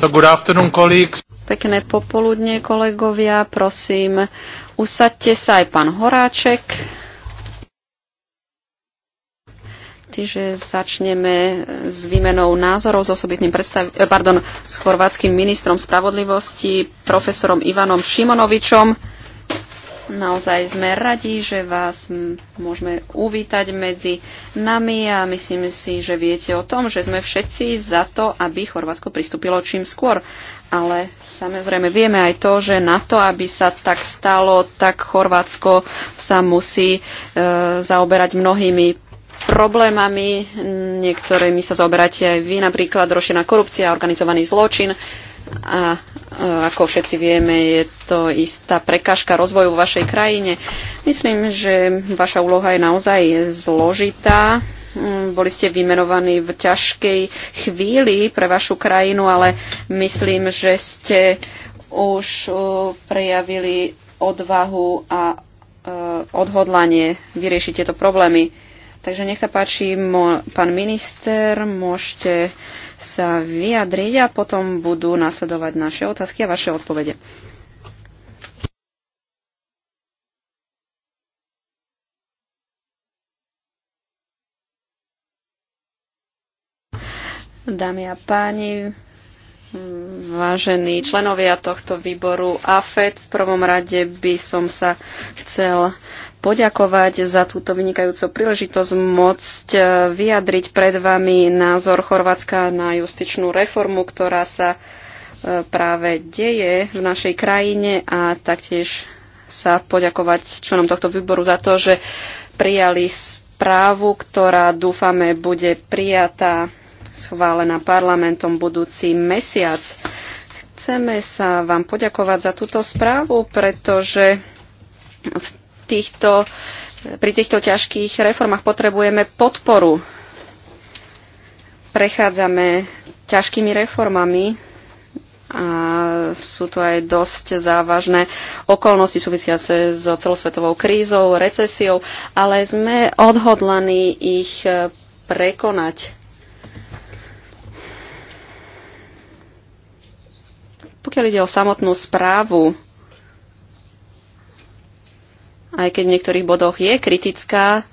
So good afternoon, colleagues. Pekné popoludne, kolegovia. Prosím, usadte sa aj pán Horáček. Čiže začneme s výmenou názorov s osobitným eh, pardon, s chorvátským ministrom spravodlivosti, profesorom Ivanom Šimonovičom Naozaj sme radi, že vás môžeme uvítať medzi nami a myslím si, že viete o tom, že sme všetci za to, aby Chorvátsko pristúpilo čím skôr. Ale samozrejme vieme aj to, že na to, aby sa tak stalo, tak Chorvátsko sa musí e, zaoberať mnohými problémami, niektorými sa zaoberáte aj vy, napríklad rošená korupcia, organizovaný zločin a E, ako všetci vieme, je to istá prekážka rozvoju vo vašej krajine. Myslím, že vaša úloha je naozaj zložitá. Mm, boli ste vymenovaní v ťažkej chvíli pre vašu krajinu, ale myslím, že ste už e, prejavili odvahu a e, odhodlanie vyriešiť tieto problémy. Takže nech sa páči, pán minister, môžete sa vyjadriť a potom budú nasledovať naše otázky a vaše odpovede. Dámy a páni, vážení členovia tohto výboru AFED, v prvom rade by som sa chcel poďakovať za túto vynikajúcu príležitosť môcť e, vyjadriť pred vami názor Chorvátska na justičnú reformu, ktorá sa e, práve deje v našej krajine a taktiež sa poďakovať členom tohto výboru za to, že prijali správu, ktorá dúfame bude prijatá, schválená parlamentom budúci mesiac. Chceme sa vám poďakovať za túto správu, pretože v týchto, pri týchto ťažkých reformách potrebujeme podporu. Prechádzame ťažkými reformami a sú tu aj dosť závažné okolnosti súvisiace s celosvetovou krízou, recesiou, ale sme odhodlaní ich prekonať. Pokiaľ ide o samotnú správu, aj keď v niektorých bodoch je kritická,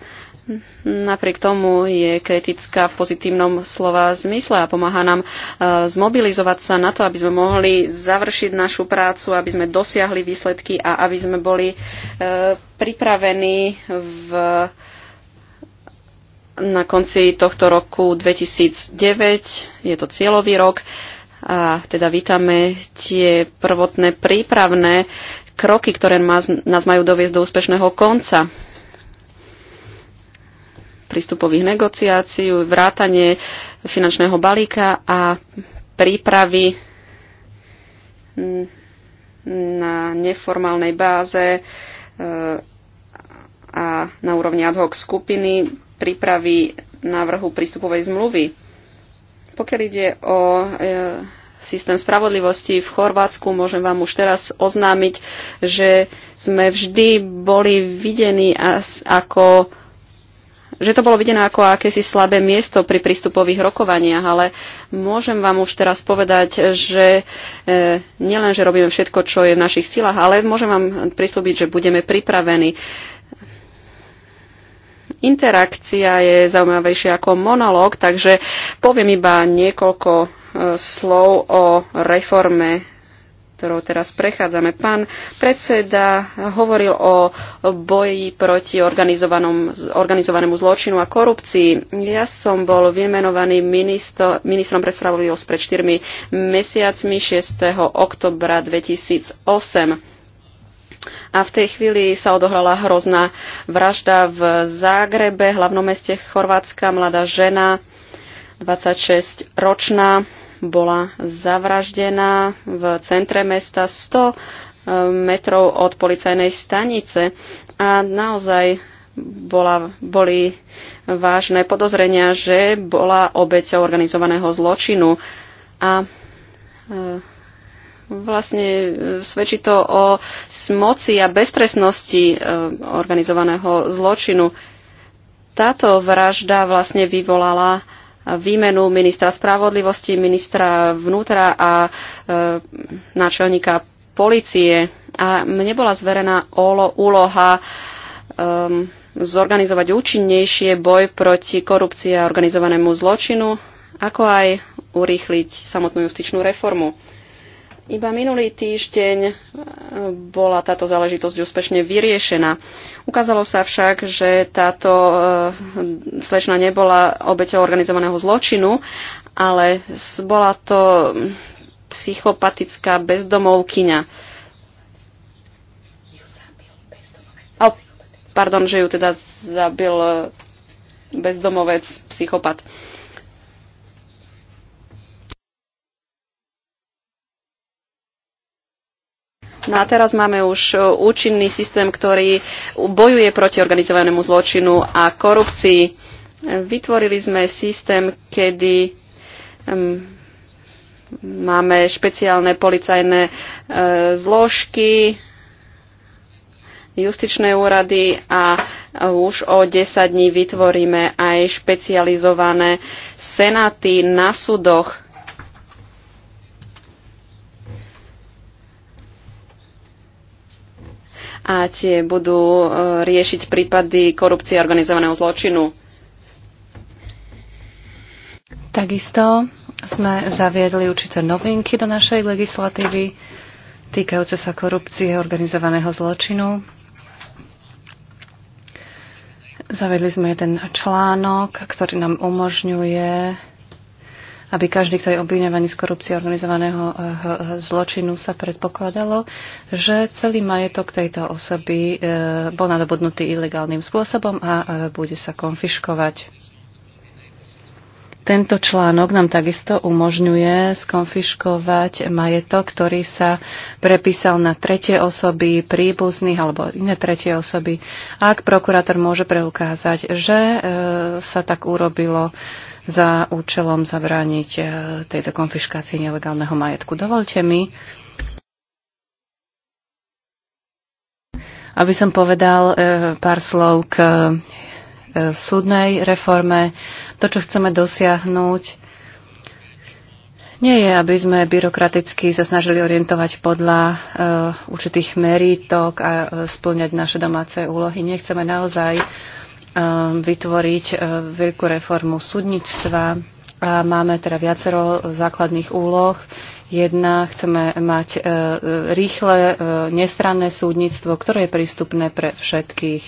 napriek tomu je kritická v pozitívnom slova zmysle a pomáha nám e, zmobilizovať sa na to, aby sme mohli završiť našu prácu, aby sme dosiahli výsledky a aby sme boli e, pripravení v na konci tohto roku 2009, je to cieľový rok, a teda vítame tie prvotné prípravné kroky, ktoré nás majú doviesť do úspešného konca prístupových negociácií, vrátanie finančného balíka a prípravy na neformálnej báze e, a na úrovni ad hoc skupiny prípravy návrhu prístupovej zmluvy. Pokiaľ ide o e, systém spravodlivosti v Chorvátsku. Môžem vám už teraz oznámiť, že sme vždy boli videní ako že to bolo videné ako akési slabé miesto pri prístupových rokovaniach, ale môžem vám už teraz povedať, že e, nielen, že robíme všetko, čo je v našich silách, ale môžem vám prislúbiť, že budeme pripravení. Interakcia je zaujímavejšia ako monológ, takže poviem iba niekoľko slov o reforme ktorou teraz prechádzame. Pán predseda hovoril o boji proti organizovanému zločinu a korupcii. Ja som bol vymenovaný ministro, ministrom pre spravodlivosť pred 4 mesiacmi 6. oktobra 2008. A v tej chvíli sa odohrala hrozná vražda v Zágrebe, hlavnom meste Chorvátska, mladá žena, 26-ročná, bola zavraždená v centre mesta 100 e, metrov od policajnej stanice a naozaj bola, boli vážne podozrenia, že bola obeťou organizovaného zločinu a e, vlastne e, svedčí to o moci a beztresnosti organizovaného zločinu. Táto vražda vlastne vyvolala výmenu ministra spravodlivosti, ministra vnútra a e, náčelníka policie. A mne bola zverená olo, úloha e, zorganizovať účinnejšie boj proti korupcii a organizovanému zločinu, ako aj urýchliť samotnú justičnú reformu. Iba minulý týždeň e, bola táto záležitosť úspešne vyriešená. Ukázalo sa však, že táto e, slečna nebola obeťou organizovaného zločinu, ale bola to psychopatická bezdomovkyňa. A, pardon, že ju teda zabil bezdomovec, psychopat. No a teraz máme už e, účinný systém, ktorý bojuje proti organizovanému zločinu a korupcii. Vytvorili sme systém, kedy máme špeciálne policajné e, zložky, justičné úrady a e, už o 10 dní vytvoríme aj špecializované senáty na súdoch a tie budú e, riešiť prípady korupcie a organizovaného zločinu. Takisto sme zaviedli určité novinky do našej legislatívy týkajúce sa korupcie a organizovaného zločinu. Zavedli sme jeden článok, ktorý nám umožňuje aby každý, kto je obviňovaný z korupcie organizovaného eh, eh, zločinu, sa predpokladalo, že celý majetok tejto osoby eh, bol nadobudnutý ilegálnym spôsobom a bude sa konfiškovať. Tento článok nám takisto umožňuje skonfiškovať majetok, ktorý sa prepísal na tretie osoby, príbuzných alebo iné tretie osoby, ak prokurátor môže preukázať, že e, sa tak urobilo za účelom zabrániť e, tejto konfiškácii nelegálneho majetku. Dovolte mi, aby som povedal e, pár slov k e, súdnej reforme. To, čo chceme dosiahnuť, nie je, aby sme byrokraticky sa snažili orientovať podľa určitých meritok a e, splňať naše domáce úlohy. Nechceme naozaj Eh, vytvoriť eh, veľkú reformu súdnictva. A máme teda viacero základných úloh. Jedna, chceme mať eh, rýchle, nestranné súdnictvo, ktoré je prístupné pre všetkých.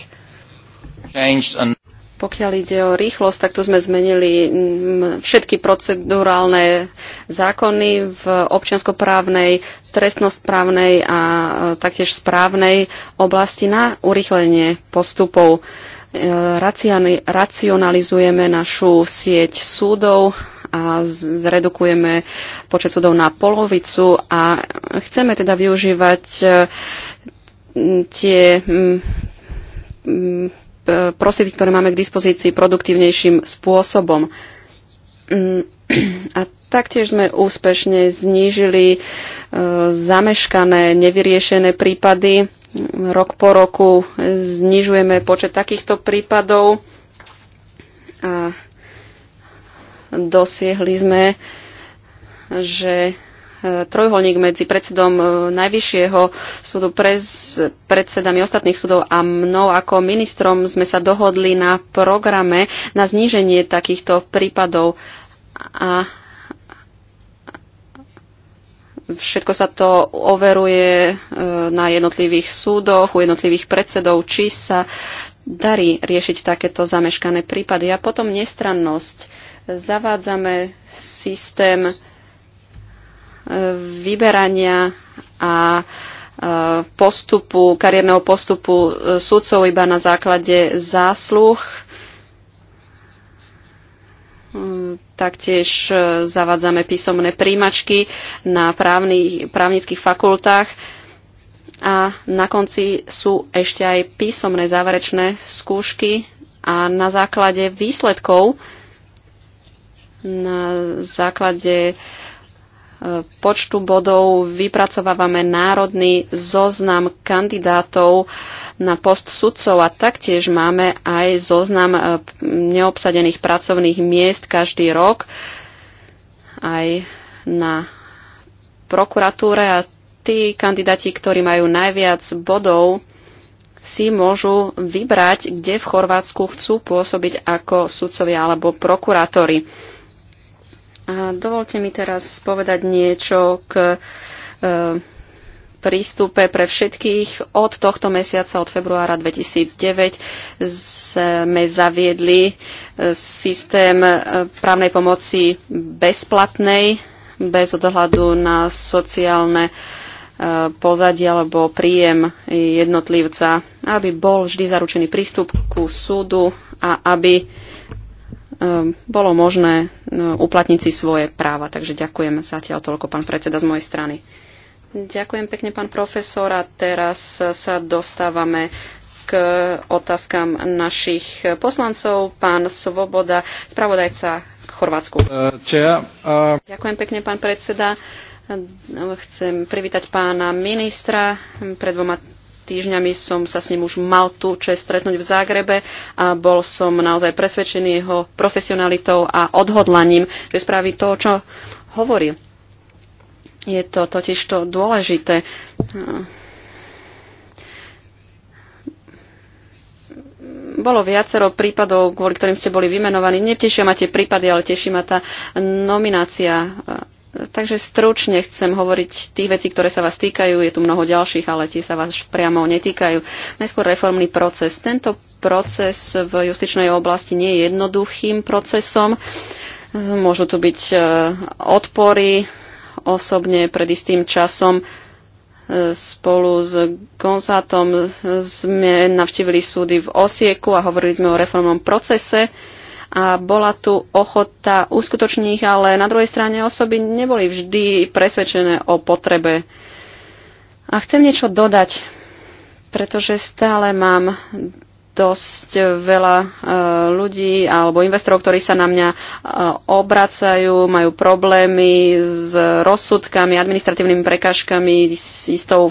Pokiaľ ide o rýchlosť, tak tu sme zmenili mm, všetky procedurálne zákony v občianskoprávnej, trestnosprávnej a taktiež správnej oblasti na urýchlenie postupov racionalizujeme našu sieť súdov a zredukujeme počet súdov na polovicu a chceme teda využívať e, tie prostriedky, ktoré máme k dispozícii produktívnejším spôsobom. Mm, a taktiež sme úspešne znížili e, zameškané, nevyriešené prípady Rok po roku znižujeme počet takýchto prípadov a dosiehli sme, že e, trojholník medzi predsedom e, Najvyššieho súdu, prez, predsedami ostatných súdov a mnou ako ministrom sme sa dohodli na programe na zníženie takýchto prípadov. A Všetko sa to overuje e, na jednotlivých súdoch, u jednotlivých predsedov, či sa darí riešiť takéto zameškané prípady. A potom nestrannosť. Zavádzame systém e, vyberania a e, postupu, kariérneho postupu sudcov iba na základe zásluh Mm, taktiež e, zavádzame písomné príjmačky na právny, právnických fakultách a na konci sú ešte aj písomné záverečné skúšky a na základe výsledkov, na základe uh, počtu bodov vypracovávame národný zoznam kandidátov na post sudcov a taktiež máme aj zoznam eh, neobsadených pracovných miest každý rok aj na prokuratúre a tí kandidáti, ktorí majú najviac bodov, si môžu vybrať, kde v Chorvátsku chcú pôsobiť ako sudcovia alebo prokurátori. A dovolte mi teraz povedať niečo k e, prístupe pre všetkých. Od tohto mesiaca, od februára 2009, sme zaviedli e, systém e, právnej pomoci bezplatnej, bez odhľadu na sociálne e, pozadie alebo príjem jednotlivca, aby bol vždy zaručený prístup ku súdu a aby Ehm, bolo možné e, uplatniť si svoje práva. Takže ďakujem zatiaľ toľko, pán predseda, z mojej strany. Ďakujem pekne, pán profesor. A teraz sa dostávame k otázkam našich poslancov. Pán Svoboda, spravodajca k Chorvátsku. E, ďakujem pekne, pán predseda. Chcem privítať pána ministra. Pred dvoma týždňami som sa s ním už mal tu čest stretnúť v Zágrebe a bol som naozaj presvedčený jeho profesionalitou a odhodlaním, že spraví to, čo hovorí. Je to totiž to dôležité. bolo viacero prípadov, kvôli ktorým ste boli vymenovaní. Netešia ma tie prípady, ale teší ma tá nominácia Takže stručne chcem hovoriť tých vecí, ktoré sa vás týkajú. Je tu mnoho ďalších, ale tie sa vás priamo netýkajú. Najskôr reformný proces. Tento proces v justičnej oblasti nie je jednoduchým procesom. Môžu tu byť e, odpory. Osobne pred istým časom e, spolu s Gonzátom sme navštívili súdy v Osieku a hovorili sme o reformnom procese a bola tu ochota uskutočniť ich, ale na druhej strane osoby neboli vždy presvedčené o potrebe. A chcem niečo dodať, pretože stále mám dosť veľa e, ľudí alebo investorov, ktorí sa na mňa e, obracajú, majú problémy s rozsudkami, administratívnymi prekážkami, s istou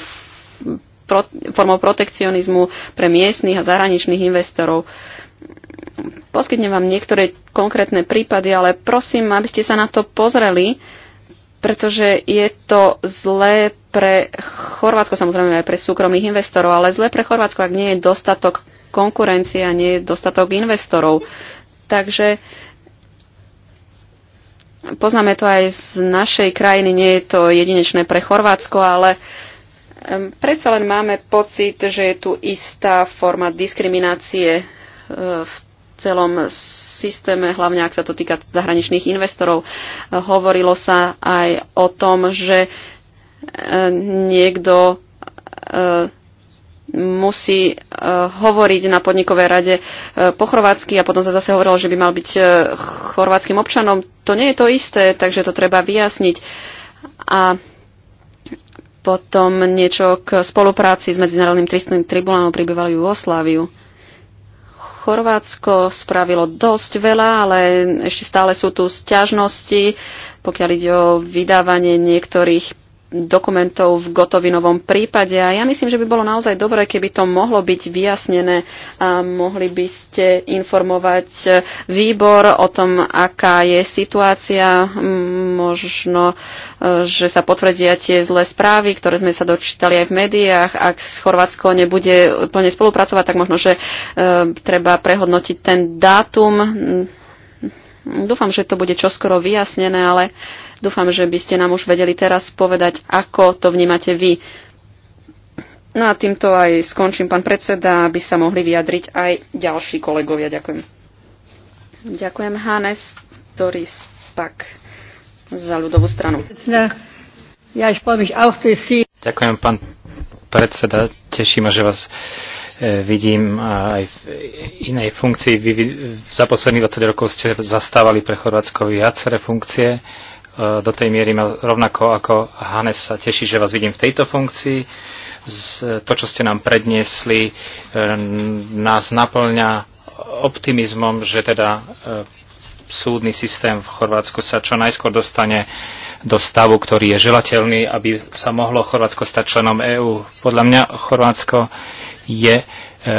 formou protekcionizmu pre miestnych a zahraničných investorov. Uh, Poskytnem vám niektoré konkrétne prípady, ale prosím, aby ste sa na to pozreli, pretože je to zlé pre Chorvátsko, samozrejme aj pre súkromných investorov, ale zlé pre Chorvátsko, ak nie je dostatok konkurencie a nie je dostatok investorov. Takže poznáme to aj z našej krajiny, nie je to jedinečné pre Chorvátsko, ale predsa len máme pocit, že je tu istá forma diskriminácie v celom systéme, hlavne ak sa to týka zahraničných investorov. Hovorilo sa aj o tom, že e, niekto e, musí e, hovoriť na podnikovej rade po chorvátsky a potom sa zase hovorilo, že by mal byť chorvátskym občanom. To nie je to isté, takže to treba vyjasniť. A potom niečo k spolupráci s Medzinárodným tristným tribunálom pre bývalú Jugosláviu. Chorvátsko spravilo dosť veľa, ale ešte stále sú tu sťažnosti, pokiaľ ide o vydávanie niektorých dokumentov v Gotovinovom prípade a ja myslím, že by bolo naozaj dobré, keby to mohlo byť vyjasnené a mohli by ste informovať výbor o tom, aká je situácia. Možno, e, že sa potvrdia tie zlé správy, ktoré sme sa dočítali aj v médiách. Ak Chorvátsko nebude plne spolupracovať, tak možno, že e, treba prehodnotiť ten dátum. Dúfam, že to bude čoskoro vyjasnené, ale uh, Dúfam, že by ste nám už vedeli teraz povedať, ako to vnímate vy. No a týmto aj skončím, pán predseda, aby sa mohli vyjadriť aj ďalší kolegovia. Ďakujem. Ďakujem, Hannes ktorý spak za ľudovú stranu. Ďakujem, pán predseda. teší ma, že vás e, vidím e, aj v inej funkcii. Vy, za posledných 20 rokov ste zastávali pre Chorvátsko viaceré funkcie. E, do tej miery ma rovnako ako Hanes sa teší, že vás vidím v tejto funkcii. To, čo ste nám predniesli, e, nás naplňa optimizmom, že teda e, súdny systém v Chorvátsku sa čo najskôr dostane do stavu, ktorý je želateľný, aby sa mohlo Chorvátsko stať členom EÚ. Podľa mňa Chorvátsko je E,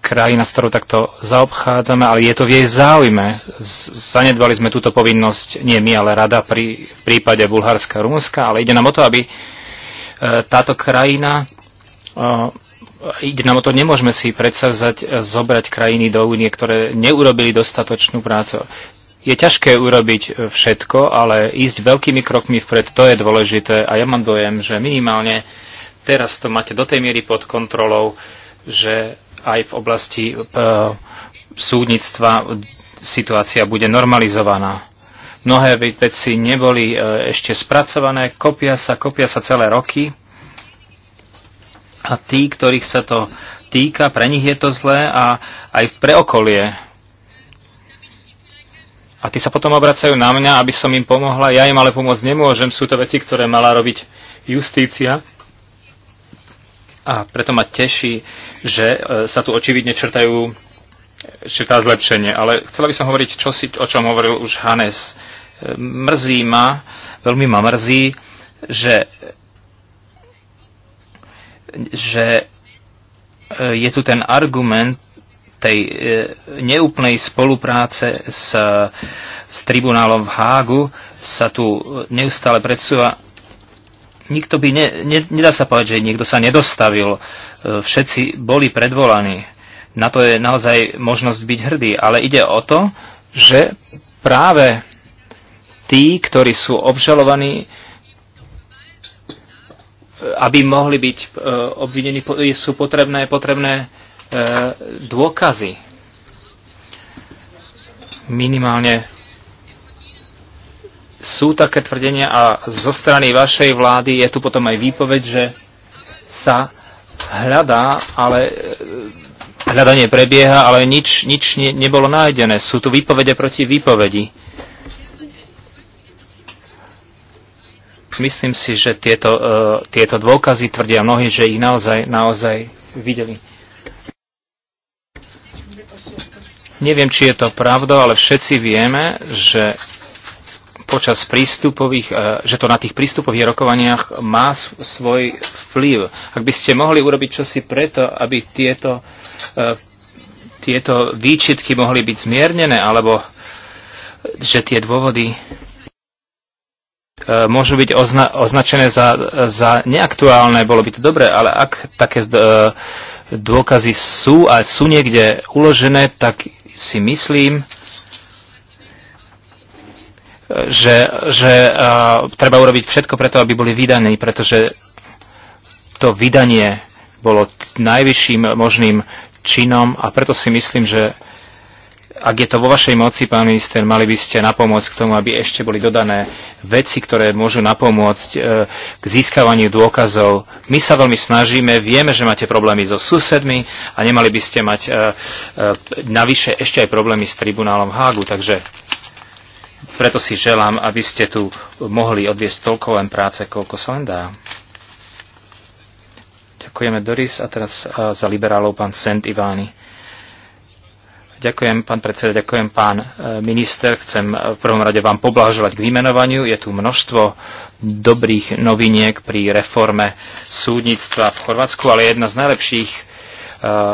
krajina, s ktorou takto zaobchádzame, ale je to v jej záujme. Zanedbali sme túto povinnosť, nie my, ale rada pri, v prípade Bulharska a Rumunska, ale ide nám o to, aby e, táto krajina e, ide nám o to, nemôžeme si predsavzať zobrať krajiny do únie, ktoré neurobili dostatočnú prácu. Je ťažké urobiť všetko, ale ísť veľkými krokmi vpred, to je dôležité a ja mám dojem, že minimálne teraz to máte do tej miery pod kontrolou, že aj v oblasti e, súdnictva situácia bude normalizovaná. Mnohé veci neboli e, ešte spracované, kopia sa, kopia sa celé roky a tí, ktorých sa to týka, pre nich je to zlé a aj pre okolie. A tí sa potom obracajú na mňa, aby som im pomohla. Ja im ale pomôcť nemôžem. Sú to veci, ktoré mala robiť justícia. A preto ma teší, že e, sa tu očividne črtajú črtá zlepšenie. Ale chcela by som hovoriť čo si, o čom hovoril už Hanes. E, mrzí ma, veľmi ma mrzí, že, že e, je tu ten argument tej neúplnej spolupráce s, s tribunálom v Hágu, sa tu neustále predsúva nikto by, ne, ne, nedá sa povedať, že niekto sa nedostavil, e, všetci boli predvolaní. Na to je naozaj možnosť byť hrdý, ale ide o to, že práve tí, ktorí sú obžalovaní, e, aby mohli byť e, obvinení, sú potrebné, potrebné dôkazy. Minimálne sú také tvrdenia a zo strany vašej vlády je tu potom aj výpoveď, že sa hľadá, ale e, hľadanie prebieha, ale nič, nič ne, nebolo nájdené. Sú tu výpovede proti výpovedi. Myslím si, že tieto, uh, tieto dôkazy tvrdia mnohí, že ich naozaj, naozaj videli. Neviem, či je to pravda, ale všetci vieme, že počas prístupových, e, že to na tých prístupových rokovaniach má svoj vplyv. Ak by ste mohli urobiť čosi preto, aby tieto, e, tieto výčitky mohli byť zmiernené, alebo že tie dôvody e, môžu byť ozna- označené za, za neaktuálne, bolo by to dobré, ale ak také dôkazy sú a sú niekde uložené, tak si myslím, že, že a, treba urobiť všetko preto, aby boli vydaní, pretože to vydanie bolo najvyšším možným činom a preto si myslím, že ak je to vo vašej moci, pán minister, mali by ste napomôcť k tomu, aby ešte boli dodané veci, ktoré môžu napomôcť e, k získavaniu dôkazov. My sa veľmi snažíme, vieme, že máte problémy so susedmi a nemali by ste mať e, e, navyše ešte aj problémy s tribunálom Hágu. Takže preto si želám, aby ste tu mohli odviesť toľko len práce, koľko sa len dá. Ďakujeme Doris a teraz za liberálov pán Sent Ivány. Ďakujem, pán predseda, ďakujem, pán e, minister. Chcem e, v prvom rade vám poblahoželať k vymenovaniu. Je tu množstvo dobrých noviniek pri reforme súdnictva v Chorvátsku, ale jedna z najlepších e,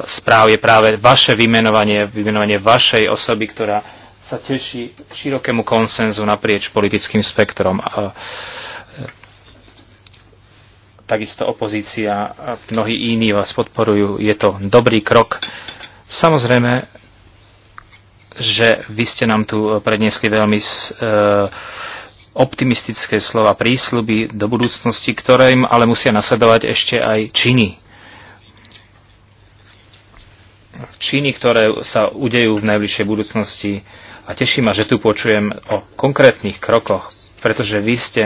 správ je práve vaše vymenovanie, vymenovanie vašej osoby, ktorá sa teší širokému konsenzu naprieč politickým spektrom. A e, takisto opozícia a mnohí iní vás podporujú. Je to dobrý krok. Samozrejme, že vy ste nám tu predniesli veľmi e, optimistické slova prísľuby do budúcnosti, ktoré im ale musia nasledovať ešte aj činy. Činy, ktoré sa udejú v najbližšej budúcnosti, a teší ma, že tu počujem o konkrétnych krokoch, pretože vy ste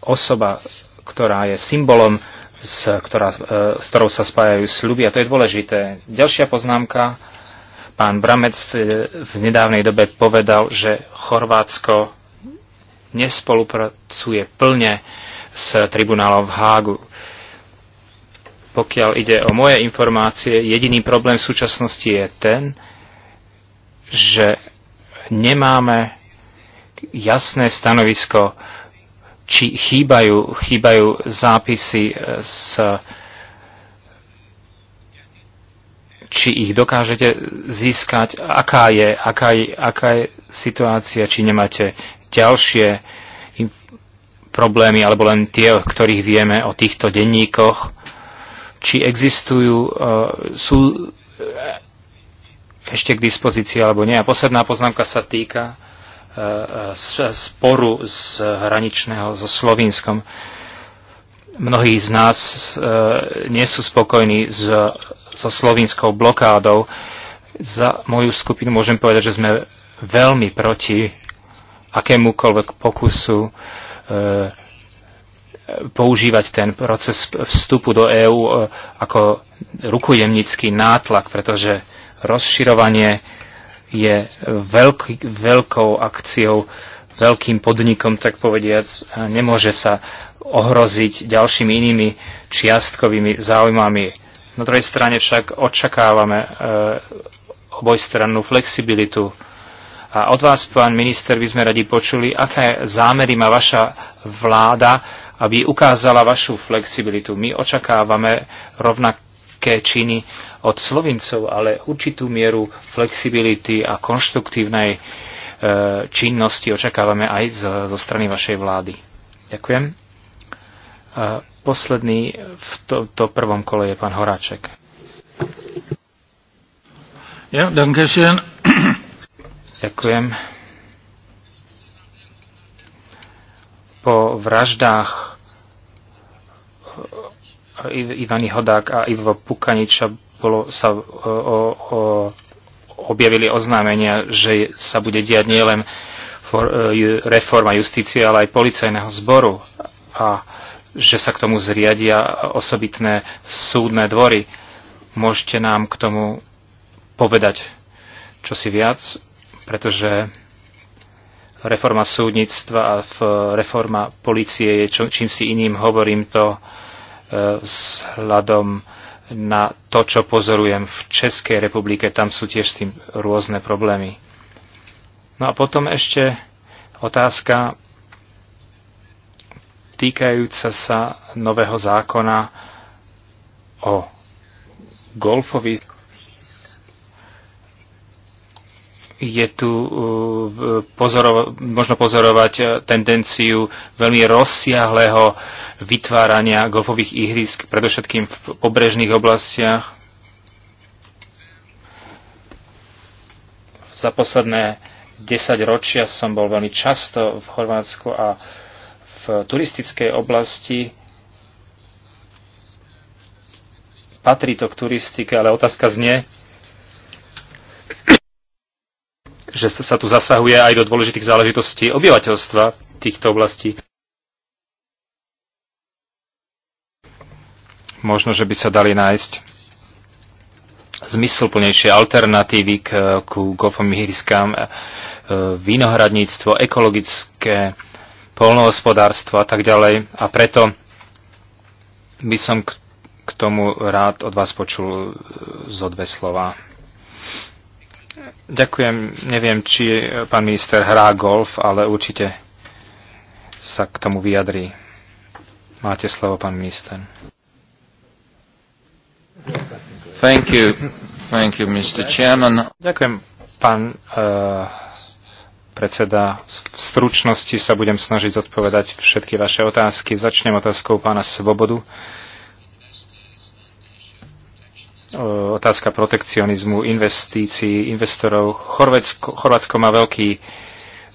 osoba, ktorá je symbolom, s, ktorá, e, s ktorou sa spájajú sľuby a to je dôležité. Ďalšia poznámka. Pán Bramec v, v nedávnej dobe povedal, že Chorvátsko nespolupracuje plne s tribunálom v Hágu. Pokiaľ ide o moje informácie, jediný problém v súčasnosti je ten, že nemáme jasné stanovisko, či chýbajú, chýbajú zápisy z eh, či ich dokážete získať, aká je, aká je, aká je situácia, či nemáte ďalšie problémy, alebo len tie, o ktorých vieme o týchto denníkoch, či existujú, eh, sú eh, ešte k dispozícii alebo nie. A posledná poznámka sa týka e, e, sporu z hraničného so Slovinskom. Mnohí z nás e, nie sú spokojní so slovínskou blokádou. Za moju skupinu môžem povedať, že sme veľmi proti akémukoľvek pokusu používať ten proces vstupu do EÚ ako rukujemnický nátlak, pretože Rozširovanie je veľký, veľkou akciou, veľkým podnikom, tak povediac, nemôže sa ohroziť ďalšími inými čiastkovými záujmami. Na druhej strane však očakávame e, obojstrannú flexibilitu. A od vás, pán minister, by sme radi počuli, aké zámery má vaša vláda, aby ukázala vašu flexibilitu. My očakávame rovnaké činy od Slovincov, ale určitú mieru flexibility a konštruktívnej e, činnosti očakávame aj zo strany vašej vlády. Ďakujem. E, posledný v tomto prvom kole je pán Horáček. Ja, dankeschön. Ďakujem. Po vraždách e, Ivany Hodák a Ivo Pukaniča bolo, sa e, o, o, objavili oznámenia, že sa bude diať nielen for, e, reforma justície, ale aj policajného zboru a že sa k tomu zriadia osobitné súdne dvory. Môžete nám k tomu povedať čosi viac, pretože reforma súdnictva a reforma policie je čo, čím si iným, hovorím to e, vzhľadom e, na to, čo pozorujem v Českej republike. Tam sú tiež s tým rôzne problémy. No a potom ešte otázka týkajúca sa nového zákona o golfovi. Je tu uh, pozorova- možno pozorovať tendenciu veľmi rozsiahlého vytvárania golfových ihrisk, predovšetkým v obrežných oblastiach. Za posledné 10 ročia som bol veľmi často v Chorvátsku a v turistickej oblasti patrí to k turistike, ale otázka znie, že sa tu zasahuje aj do dôležitých záležitostí obyvateľstva týchto oblastí. Možno, že by sa dali nájsť zmysluplnejšie alternatívy k, ku golfovým ihriskám, e, vinohradníctvo, ekologické, polnohospodárstvo a tak ďalej. A preto by som k, k tomu rád od vás počul e, zo dve slova. Ďakujem. Neviem, či pán minister hrá golf, ale určite sa k tomu vyjadrí. Máte slovo, pán minister. Thank you. Thank you, Mr. Chairman. Ďakujem, pán uh, predseda. V stručnosti sa budem snažiť odpovedať všetky vaše otázky. Začnem otázkou pána Svobodu. Eh, otázka protekcionizmu, investícií, investorov. Chorvátsko, Chorvátsko má veľký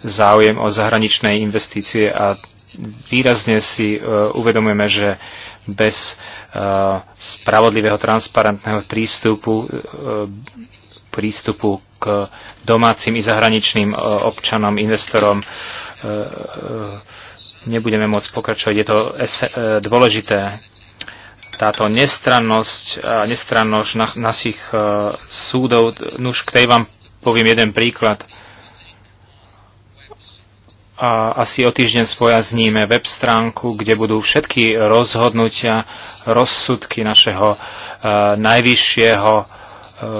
záujem o zahraničné investície a výrazne si eh, uvedomujeme, že bez eh, spravodlivého, transparentného prístupu, eh, prístupu k domácim i zahraničným eh, občanom, investorom nebudeme môcť pokračovať. Je to dôležité. Táto nestrannosť a nestrannosť našich súdov, už k tej vám poviem jeden príklad a asi o týždeň spojazníme web stránku, kde budú všetky rozhodnutia, rozsudky našeho e, najvyššieho e,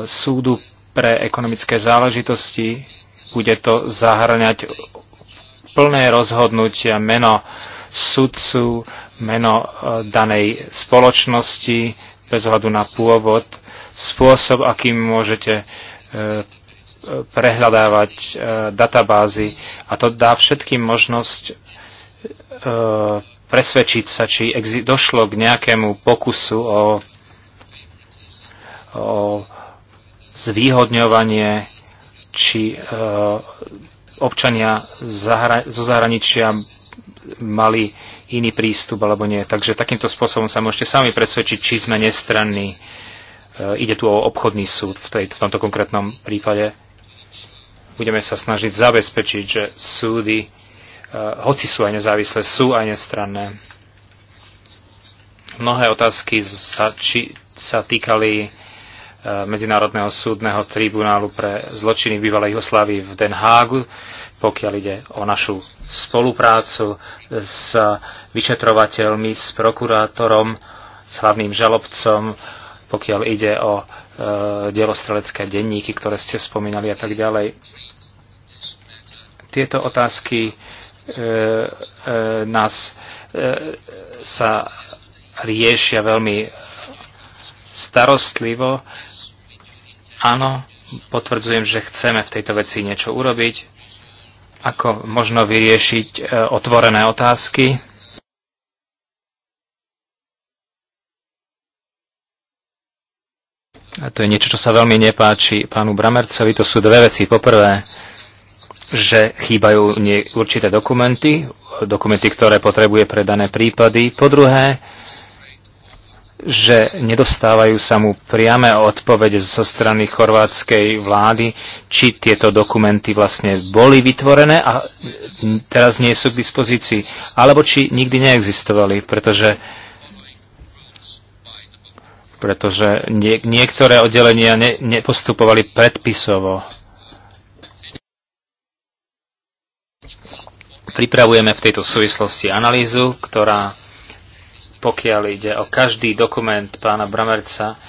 súdu pre ekonomické záležitosti. Bude to zahrňať plné rozhodnutia, meno sudcu, meno e, danej spoločnosti, bez hľadu na pôvod, spôsob, akým môžete e, prehľadávať e, databázy a to dá všetkým možnosť e, presvedčiť sa, či došlo k nejakému pokusu o, o zvýhodňovanie, či e, občania zahra- zo zahraničia mali iný prístup alebo nie. Takže takýmto spôsobom sa môžete sami presvedčiť, či sme nestranní. E, ide tu o obchodný súd v, tej, v tomto konkrétnom prípade budeme sa snažiť zabezpečiť, že súdy, eh, hoci sú aj nezávislé, sú aj nestranné. Mnohé otázky sa, či, sa týkali eh, Medzinárodného súdneho tribunálu pre zločiny bývalej Jugoslávy v Den Hágu, pokiaľ ide o našu spoluprácu s vyšetrovateľmi, s prokurátorom, s hlavným žalobcom, pokiaľ ide o Eh, dielostrelecké denníky, ktoré ste spomínali a tak ďalej. Tieto otázky e, e, nás e, sa riešia veľmi starostlivo. Áno, potvrdzujem, že chceme v tejto veci niečo urobiť. Ako možno vyriešiť otvorené otázky? A to je niečo, čo sa veľmi nepáči pánu Bramercovi. To sú dve veci. Poprvé, že chýbajú nie, určité dokumenty, dokumenty, ktoré potrebuje pre dané prípady. Po druhé, že nedostávajú sa mu priame odpovede zo strany chorvátskej vlády, či tieto dokumenty vlastne boli vytvorené a teraz nie sú k dispozícii, alebo či nikdy neexistovali, pretože uh, pretože nie, niektoré oddelenia ne, nepostupovali predpisovo. Pripravujeme v tejto súvislosti analýzu, ktorá, pokiaľ ide o každý dokument pána Bramerca,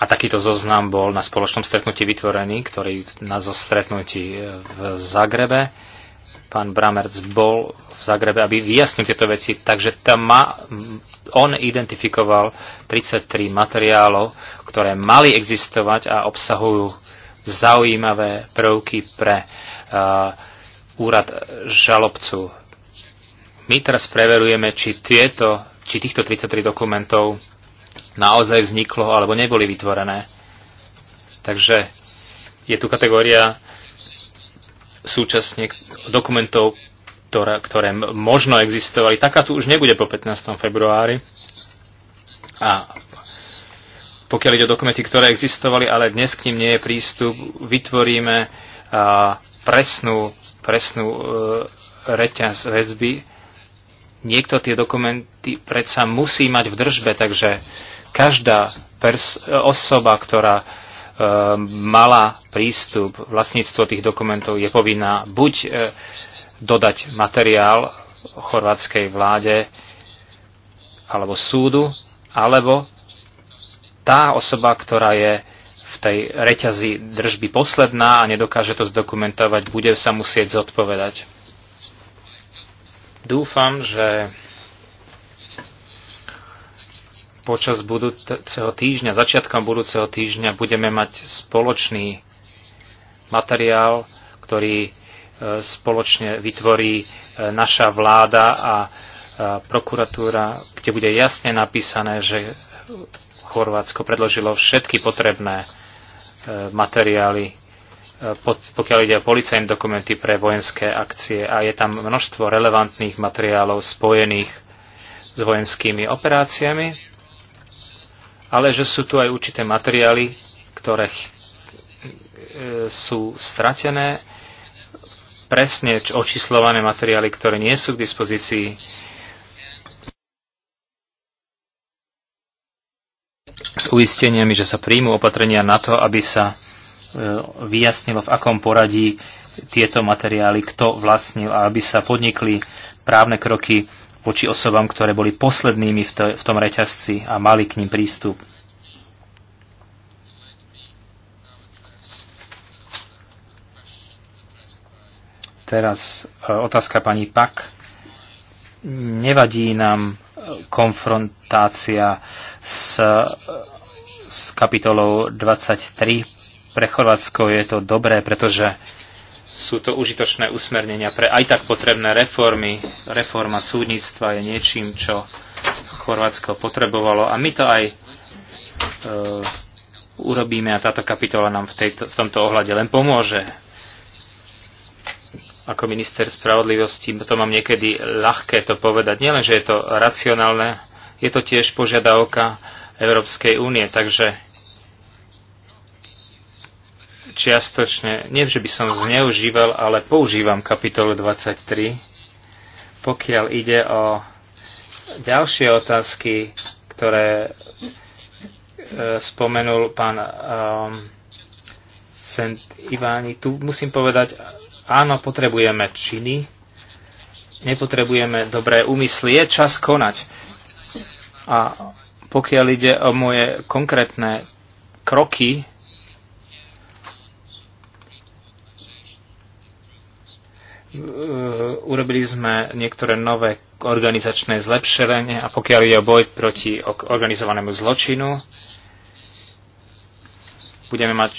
a takýto zoznam bol na spoločnom stretnutí vytvorený, ktorý na zo stretnutí v Zagrebe. Pán Bramerc bol v Zagrebe, aby vyjasnil tieto veci. Takže tam ma, on identifikoval 33 materiálov, ktoré mali existovať a obsahujú zaujímavé prvky pre uh, úrad žalobcu. My teraz preverujeme, či, tieto, či týchto 33 dokumentov naozaj vzniklo alebo neboli vytvorené. Takže je tu kategória súčasne dokumentov ktoré, ktoré možno existovali. Taká tu už nebude po 15. februári. A pokiaľ ide o dokumenty, ktoré existovali, ale dnes k ním nie je prístup, vytvoríme presnú, presnú e, reťaz väzby. Niekto tie dokumenty predsa musí mať v držbe, takže každá osoba, ktorá e, mala prístup, vlastníctvo tých dokumentov je povinná buď e, dodať materiál chorvátskej vláde alebo súdu, alebo tá osoba, ktorá je v tej reťazi držby posledná a nedokáže to zdokumentovať, bude sa musieť zodpovedať. Dúfam, že počas budúceho týždňa, začiatkom budúceho týždňa budeme mať spoločný materiál, ktorý E, spoločne vytvorí e, naša vláda a e, prokuratúra, kde bude jasne napísané, že Chorvátsko predložilo všetky potrebné materiály, pokiaľ ide o policajné dokumenty pre vojenské akcie a je tam množstvo relevantných materiálov spojených s vojenskými operáciami, ale že sú tu aj určité materiály, ktoré sú stratené presne očíslované materiály, ktoré nie sú k dispozícii. s uisteniami, že sa príjmu opatrenia na to, aby sa e, vyjasnilo, v akom poradí tieto materiály, kto vlastnil a aby sa podnikli právne kroky voči osobám, ktoré boli poslednými v, v tom reťazci a mali k ním prístup. Teraz e, otázka pani Pak. Nevadí nám e, konfrontácia s, e, s kapitolou 23. Pre Chorvátsko je to dobré, pretože sú to užitočné usmernenia pre aj tak potrebné reformy. Reforma súdnictva je niečím, čo Chorvátsko potrebovalo a my to aj e, urobíme a táto kapitola nám v, tejto, v tomto ohľade len pomôže. Ako minister spravodlivosti to mám niekedy ľahké to povedať. Nielen, že je to racionálne, je to tiež požiadavka Európskej únie, takže čiastočne, nie že by som zneužíval, ale používam kapitolu 23, pokiaľ ide o ďalšie otázky, ktoré e, spomenul pán um, ehm, Sent Iváni. Tu musím povedať, Áno, potrebujeme činy, nepotrebujeme dobré úmysly. Je čas konať. A pokiaľ ide o moje konkrétne kroky, e, urobili sme niektoré nové organizačné zlepšenie a pokiaľ ide o boj proti organizovanému zločinu, budeme mať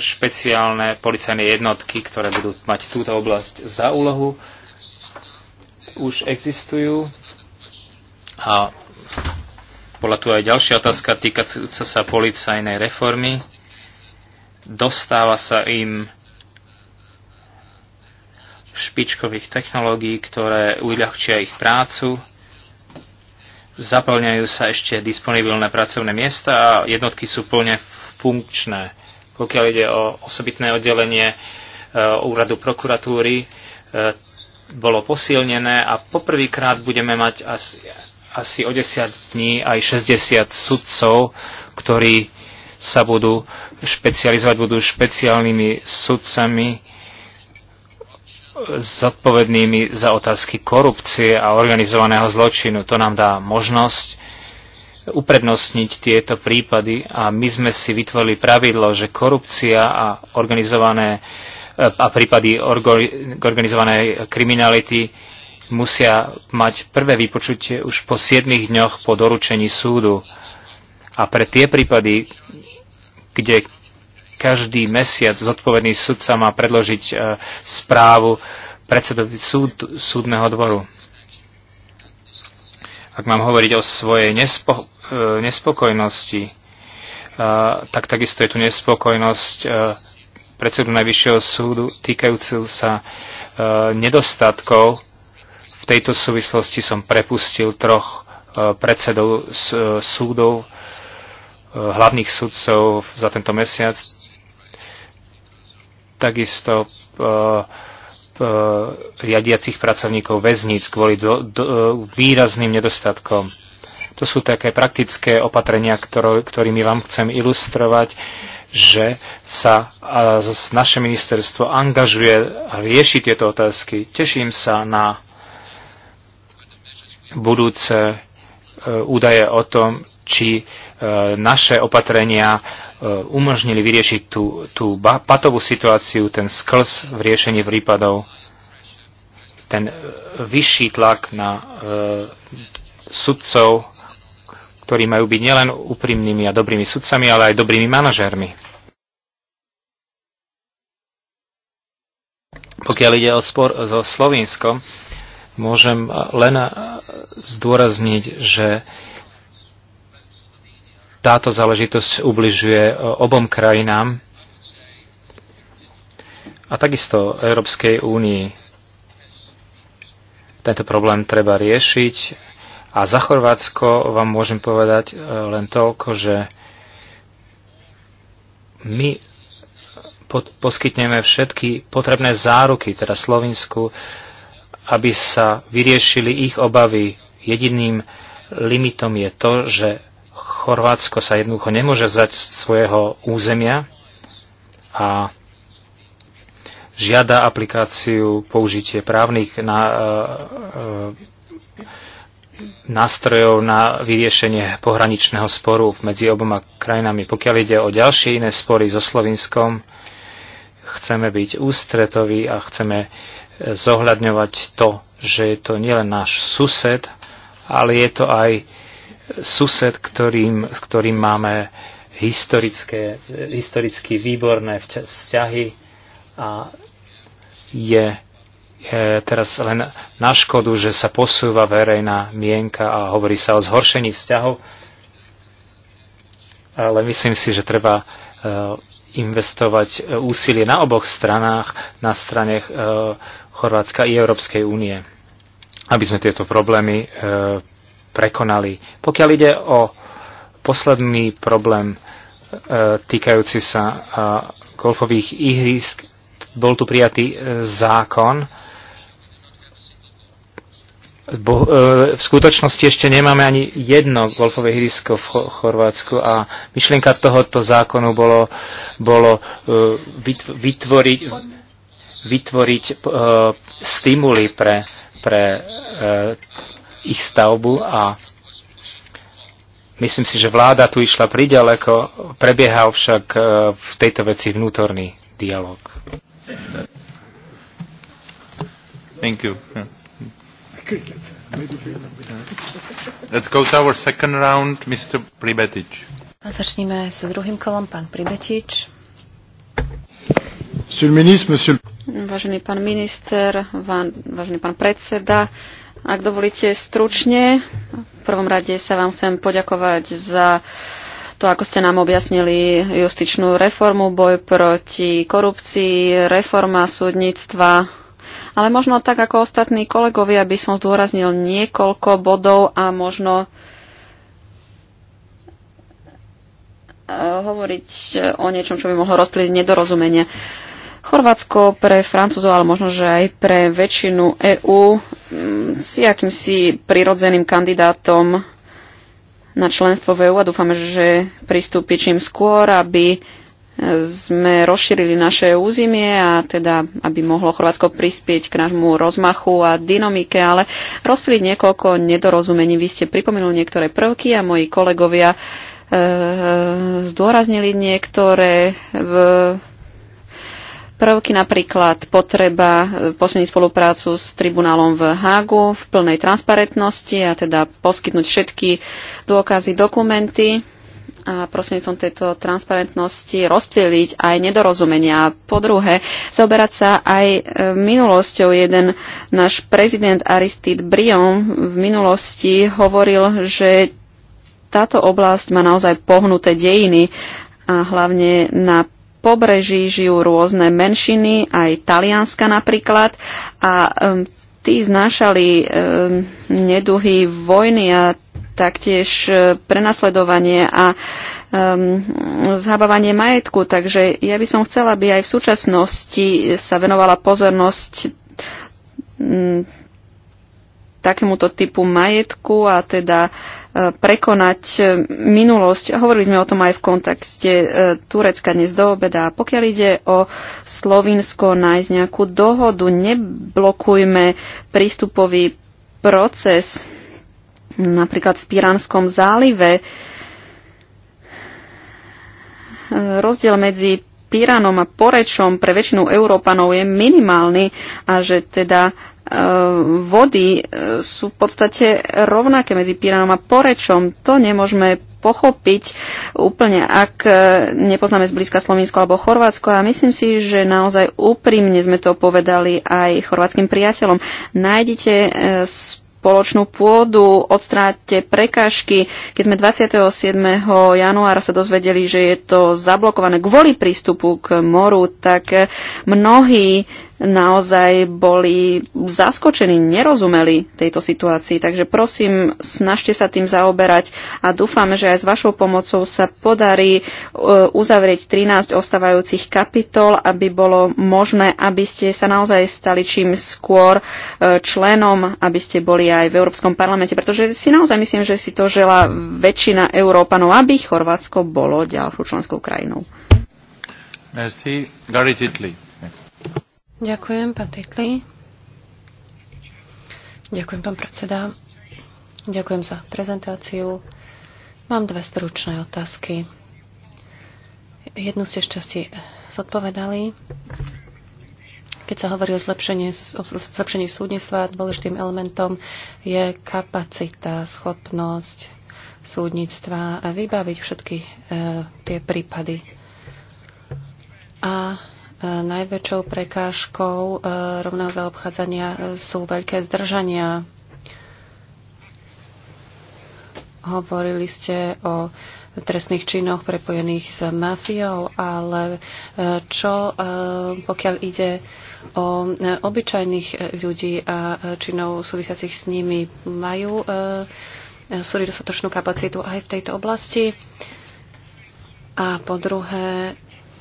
špeciálne policajné jednotky, ktoré budú mať túto oblasť za úlohu. Už existujú. A bola tu aj ďalšia otázka týkajúca sa policajnej reformy. Dostáva sa im špičkových technológií, ktoré uľahčia ich prácu. Zaplňajú sa ešte disponibilné pracovné miesta a jednotky sú plne funkčné. Pokiaľ ide o osobitné oddelenie e, úradu prokuratúry, e, bolo posilnené a poprvýkrát budeme mať asi, asi o 10 dní aj 60 sudcov, ktorí sa budú špecializovať, budú špeciálnymi sudcami e, zodpovednými za otázky korupcie a organizovaného zločinu. To nám dá možnosť uprednostniť tieto prípady a my sme si vytvorili pravidlo, že korupcia a organizované a prípady organizovanej kriminality musia mať prvé vypočutie už po 7 dňoch po doručení súdu. A pre tie prípady, kde každý mesiac zodpovedný sudca má predložiť e, správu predsedovi súd, súdneho dvoru. Ak mám hovoriť o svojej nespo, E, nespokojnosti. E, tak takisto je tu nespokojnosť e, predsedu Najvyššieho súdu týkajúcu sa nedostatkov. V tejto súvislosti som prepustil troch predsedov súdov, hlavných súdcov za tento mesiac. Takisto riadiacich pracovníkov väzníc kvôli do, do, výrazným nedostatkom to sú také praktické opatrenia, ktoré, ktorými vám chcem ilustrovať, že sa naše ministerstvo angažuje a rieši tieto otázky. Teším sa na budúce e, údaje o tom, či e, naše opatrenia e, umožnili vyriešiť tú, tú patovú situáciu, ten sklz v riešení prípadov, ten vyšší tlak na sudcov ktorí majú byť nielen úprimnými a dobrými sudcami, ale aj dobrými manažérmi. Pokiaľ ide o spor so Slovinskom, môžem len zdôrazniť, že táto záležitosť ubližuje obom krajinám a takisto Európskej únii. Tento problém treba riešiť a za Chorvátsko vám môžem povedať e, len toľko, že my pod, poskytneme všetky potrebné záruky, teda Slovinsku, aby sa vyriešili ich obavy. Jediným limitom je to, že Chorvátsko sa jednoducho nemôže vzdať svojho územia a žiada aplikáciu použitie právnych na, uh, uh, nástrojov na vyriešenie pohraničného sporu medzi oboma krajinami. Pokiaľ ide o ďalšie iné spory so Slovinskom, chceme byť ústretoví a chceme e, zohľadňovať to, že je to nielen náš sused, ale je to aj sused, ktorým, ktorým máme historické, e, historicky výborné vzťahy a je teraz len na škodu, že sa posúva verejná mienka a hovorí sa o zhoršení vzťahov, ale myslím si, že treba e, investovať e, úsilie na oboch stranách, na strane e, Chorvátska i Európskej únie, aby sme tieto problémy prekonali. Pokiaľ ide o posledný problém týkajúci sa golfových ihrisk, bol tu prijatý zákon, Bo, e, v skutočnosti ešte nemáme ani jedno golfové hrysko v Ch- Chorvátsku a myšlienka tohoto zákonu bolo, bolo e, vytv- vytvoriť, vytvoriť e, stimuly pre, pre e, ich stavbu a myslím si, že vláda tu išla priďaleko, prebieha však e, v tejto veci vnútorný dialog. Thank you. Yeah. Let's go to our second round, Mr. Pribetič. A začneme s druhým kolom, pán Pribetič. Monsieur le ministre, monsieur... Vážený pán minister, vážený pán predseda, ak dovolíte stručne, v prvom rade sa vám chcem poďakovať za to, ako ste nám objasnili justičnú reformu, boj proti korupcii, reforma súdnictva, ale možno tak ako ostatní kolegovia by som zdôraznil niekoľko bodov a možno e, hovoriť o niečom, čo by mohlo rozplyniť nedorozumenie. Chorvátsko pre Francúzov, ale možno, že aj pre väčšinu EÚ mm, si akýmsi prirodzeným kandidátom na členstvo v EÚ a dúfame, že pristúpi čím skôr, aby sme rozšírili naše územie a teda, aby mohlo Chorvátsko prispieť k nášmu rozmachu a dynamike, ale rozpiliť niekoľko nedorozumení. Vy ste pripomenuli niektoré prvky a moji kolegovia e, zdôraznili niektoré v, e, prvky, napríklad potreba e, posilniť spoluprácu s tribunálom v Hágu v plnej transparentnosti a teda poskytnúť všetky dôkazy, dokumenty a prostredníctvom tejto transparentnosti rozptýliť aj nedorozumenia. Po druhé, zaoberať sa aj e, minulosťou. Jeden náš prezident Aristide Brion v minulosti hovoril, že táto oblasť má naozaj pohnuté dejiny a hlavne na pobreží žijú rôzne menšiny, aj Talianska napríklad a um, tí znášali um, neduhy vojny a taktiež e, prenasledovanie a um, zhabávanie majetku. Takže ja by som chcela, aby aj v súčasnosti sa venovala pozornosť um, takémuto typu majetku a teda e, prekonať e, minulosť. Hovorili sme o tom aj v kontakte Turecka dnes do obeda. Pokiaľ ide o Slovinsko, nájsť nejakú dohodu, neblokujme prístupový proces napríklad v Piránskom zálive. Rozdiel medzi Piránom a Porečom pre väčšinu Európanov je minimálny a že teda e, vody e, sú v podstate rovnaké medzi Piránom a Porečom. To nemôžeme pochopiť úplne, ak e, nepoznáme zblízka Slovinsko alebo Chorvátsko. A myslím si, že naozaj úprimne sme to povedali aj chorvátskym priateľom. Nájdite spolu spoločnú pôdu, odstráte prekážky. Keď sme 27. januára sa dozvedeli, že je to zablokované kvôli prístupu k moru, tak mnohí naozaj boli zaskočení, nerozumeli tejto situácii. Takže prosím, snažte sa tým zaoberať a dúfame, že aj s vašou pomocou sa podarí e, uzavrieť 13 ostávajúcich kapitol, aby bolo možné, aby ste sa naozaj stali čím skôr e, členom, aby ste boli aj v Európskom parlamente, pretože si naozaj myslím, že si to žela väčšina Európanov, aby Chorvátsko bolo ďalšou členskou krajinou. Merci. Gary Titley. Ďakujem, pán Titli. Ďakujem, pán predseda. Ďakujem za prezentáciu. Mám dve stručné otázky. Jednu ste šťastie zodpovedali. Keď sa hovorí o zlepšení, o zlepšení súdnictva, dôležitým elementom je kapacita, schopnosť súdnictva vybaviť všetky e, tie prípady. A Najväčšou prekážkou e, rovného zaobchádzania e, sú veľké zdržania. Hovorili ste o trestných činoch prepojených s mafiou, ale e, čo pokiaľ ide o obyčajných ľudí a činov súvisiacich s nimi, majú súri dostatočnú kapacitu aj v tejto oblasti? A po druhé,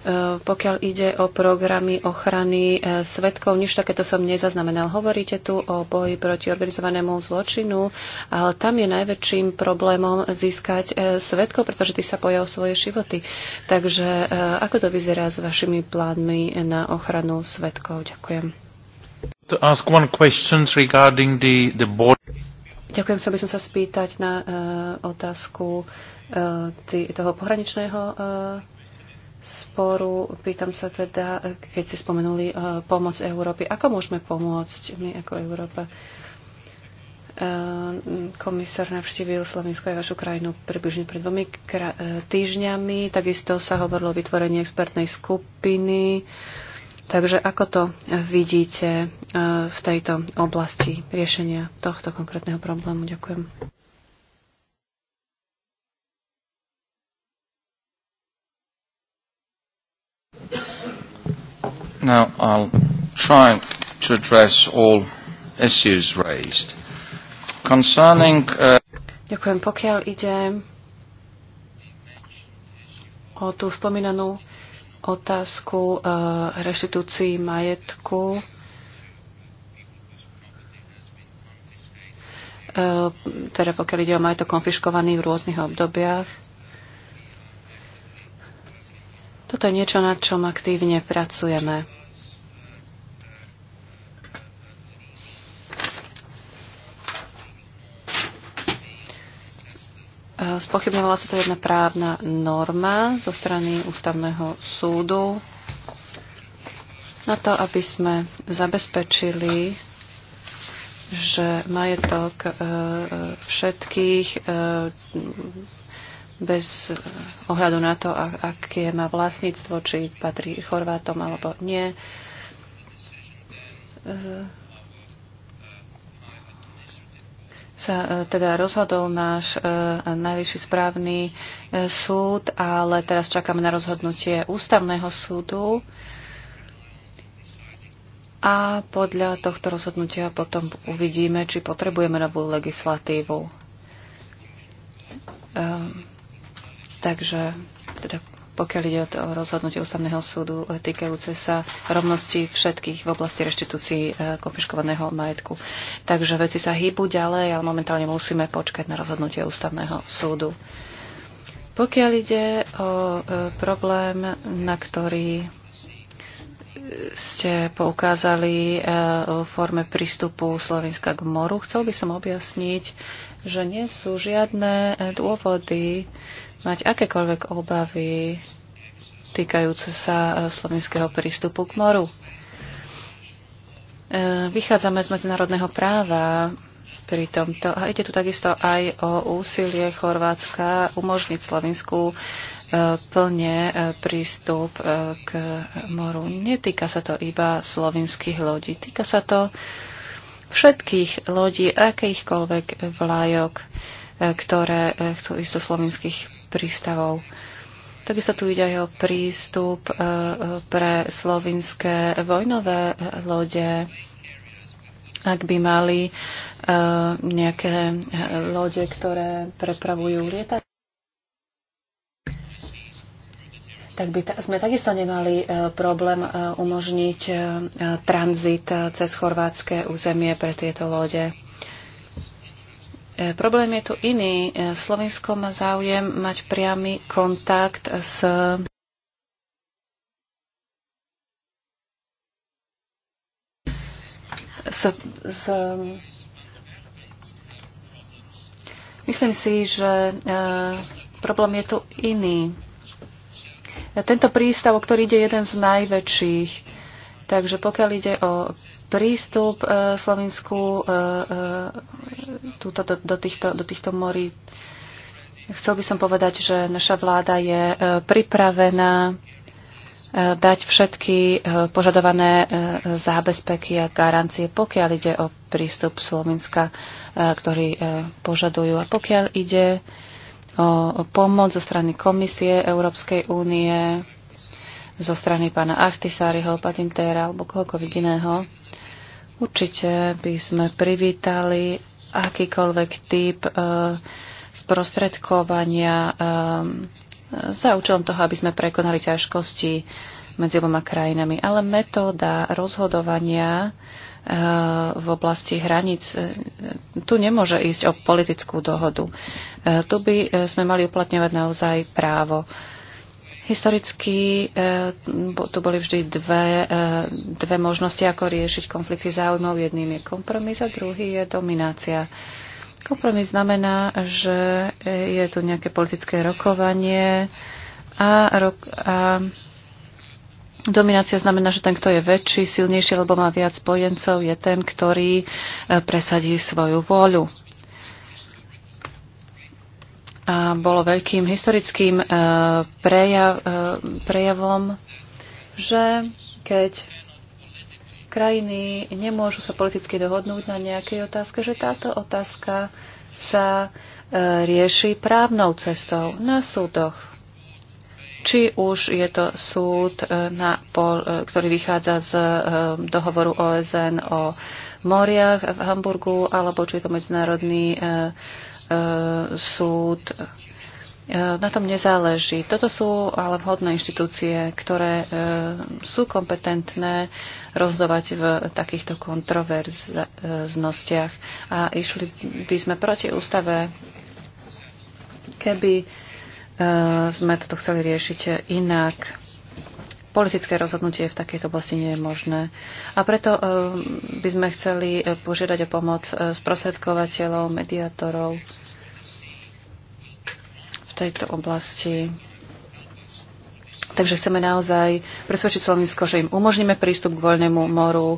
E, pokiaľ ide o programy ochrany e, svetkov, nič takéto som nezaznamenal. Hovoríte tu o boji proti organizovanému zločinu, ale tam je najväčším problémom získať e, svetkov, pretože tí sa boja o svoje životy. Takže ako to vyzerá s vašimi plánmi na ochranu svetkov? Ďakujem. Ďakujem, chcel by som sa spýtať na uh, otázku uh, tý, toho pohraničného uh, sporu. Pýtam sa teda, keď ste spomenuli eh, pomoc Európy, ako môžeme pomôcť my ako Európa? Eh, komisár navštívil Slovensko aj vašu krajinu približne pred dvomi eh, týždňami. Takisto sa hovorilo o vytvorení expertnej skupiny. Takže ako to vidíte v tejto oblasti riešenia tohto konkrétneho problému? Ďakujem. Now, I'll try to address all issues raised. Concerning... Uh... Ďakujem. Pokiaľ ide o tú spomínanú otázku uh, reštitúcii majetku, uh, teda pokiaľ ide o majetok konfiškovaný v rôznych obdobiach, toto je niečo, nad čom aktívne pracujeme. E, spochybňovala sa to jedna právna norma zo strany Ústavného súdu na to, aby sme zabezpečili, že majetok e, e, všetkých bez eh, ohľadu na to, aké má vlastníctvo, či patrí Chorvátom alebo nie. Eh, sa eh, teda rozhodol náš najvyšší správny súd, ale teraz čakáme na rozhodnutie ústavného súdu. A podľa tohto rozhodnutia potom uvidíme, či potrebujeme novú legislatívu. Takže teda pokiaľ ide o to rozhodnutie ústavného súdu týkajúce sa rovnosti všetkých v oblasti reštitúcií e, konfiškovaného majetku. Takže veci sa hýbu ďalej, ale momentálne musíme počkať na rozhodnutie ústavného súdu. Pokiaľ ide o e, problém, na ktorý e, ste poukázali v forme prístupu Slovenska k moru, chcel by som objasniť, že nie sú žiadne dôvody mať akékoľvek obavy týkajúce sa e, slovenského prístupu k moru. E, vychádzame z medzinárodného práva pri tomto a ide tu takisto aj o úsilie Chorvátska umožniť Slovensku e, plne prístup k moru. Netýka sa to iba slovinských lodí, týka sa to všetkých lodí, akýchkoľvek vlajok ktoré e, chcú ísť do slovinských prístavov. Takisto tu ide aj o prístup e, e, pre slovinské vojnové lode, ak by mali nejaké lode, ktoré prepravujú lietadla. tak by ta, sme takisto nemali problém umožniť tranzit cez chorvátske územie pre tieto lode. Problém je tu iný. Slovensko má záujem mať priamy kontakt s s, s Myslím si, že e, problém je tu iný. Tento prístav, o ktorý ide jeden z najväčších, Takže pokiaľ ide o prístup uh, Slovensku uh, túto, do, do, týchto, do týchto morí, chcel by som povedať, že naša vláda je uh, pripravená uh, dať všetky uh, požadované uh, zábezpeky a garancie, pokiaľ ide o prístup Slovenska, uh, ktorý uh, požadujú. A pokiaľ ide o pomoc zo strany Komisie Európskej únie, zo strany pána Achtisáriho, Patintéra alebo kohokoľvek iného. Určite by sme privítali akýkoľvek typ e, sprostredkovania e, za účelom toho, aby sme prekonali ťažkosti medzi oboma krajinami. Ale metóda rozhodovania e, v oblasti hraníc, e, tu nemôže ísť o politickú dohodu. E, tu by sme mali uplatňovať naozaj právo. Historicky e, tu boli vždy dve, e, dve možnosti, ako riešiť konflikty záujmov. Jedným je kompromis a druhý je dominácia. Kompromis znamená, že e, je tu nejaké politické rokovanie a, rok, a dominácia znamená, že ten, kto je väčší, silnejší alebo má viac spojencov, je ten, ktorý presadí svoju vôľu a bolo veľkým historickým e, prejav, e, prejavom, že keď krajiny nemôžu sa politicky dohodnúť na nejakej otázke, že táto otázka sa e, rieši právnou cestou na súdoch. Či už je to súd, na pol, ktorý vychádza z dohovoru OSN o moriach v Hamburgu, alebo či je to medzinárodný E, súd. E, na tom nezáleží. Toto sú ale vhodné inštitúcie, ktoré e, sú kompetentné rozdovať v takýchto kontroverznostiach. A išli by sme proti ústave, keby sme toto chceli riešiť inak politické rozhodnutie v takejto oblasti nie je možné. A preto eh, by sme chceli eh, požiadať o pomoc eh, sprostredkovateľov, mediátorov v tejto oblasti. Takže chceme naozaj presvedčiť Slovensko, že im umožníme prístup k voľnému moru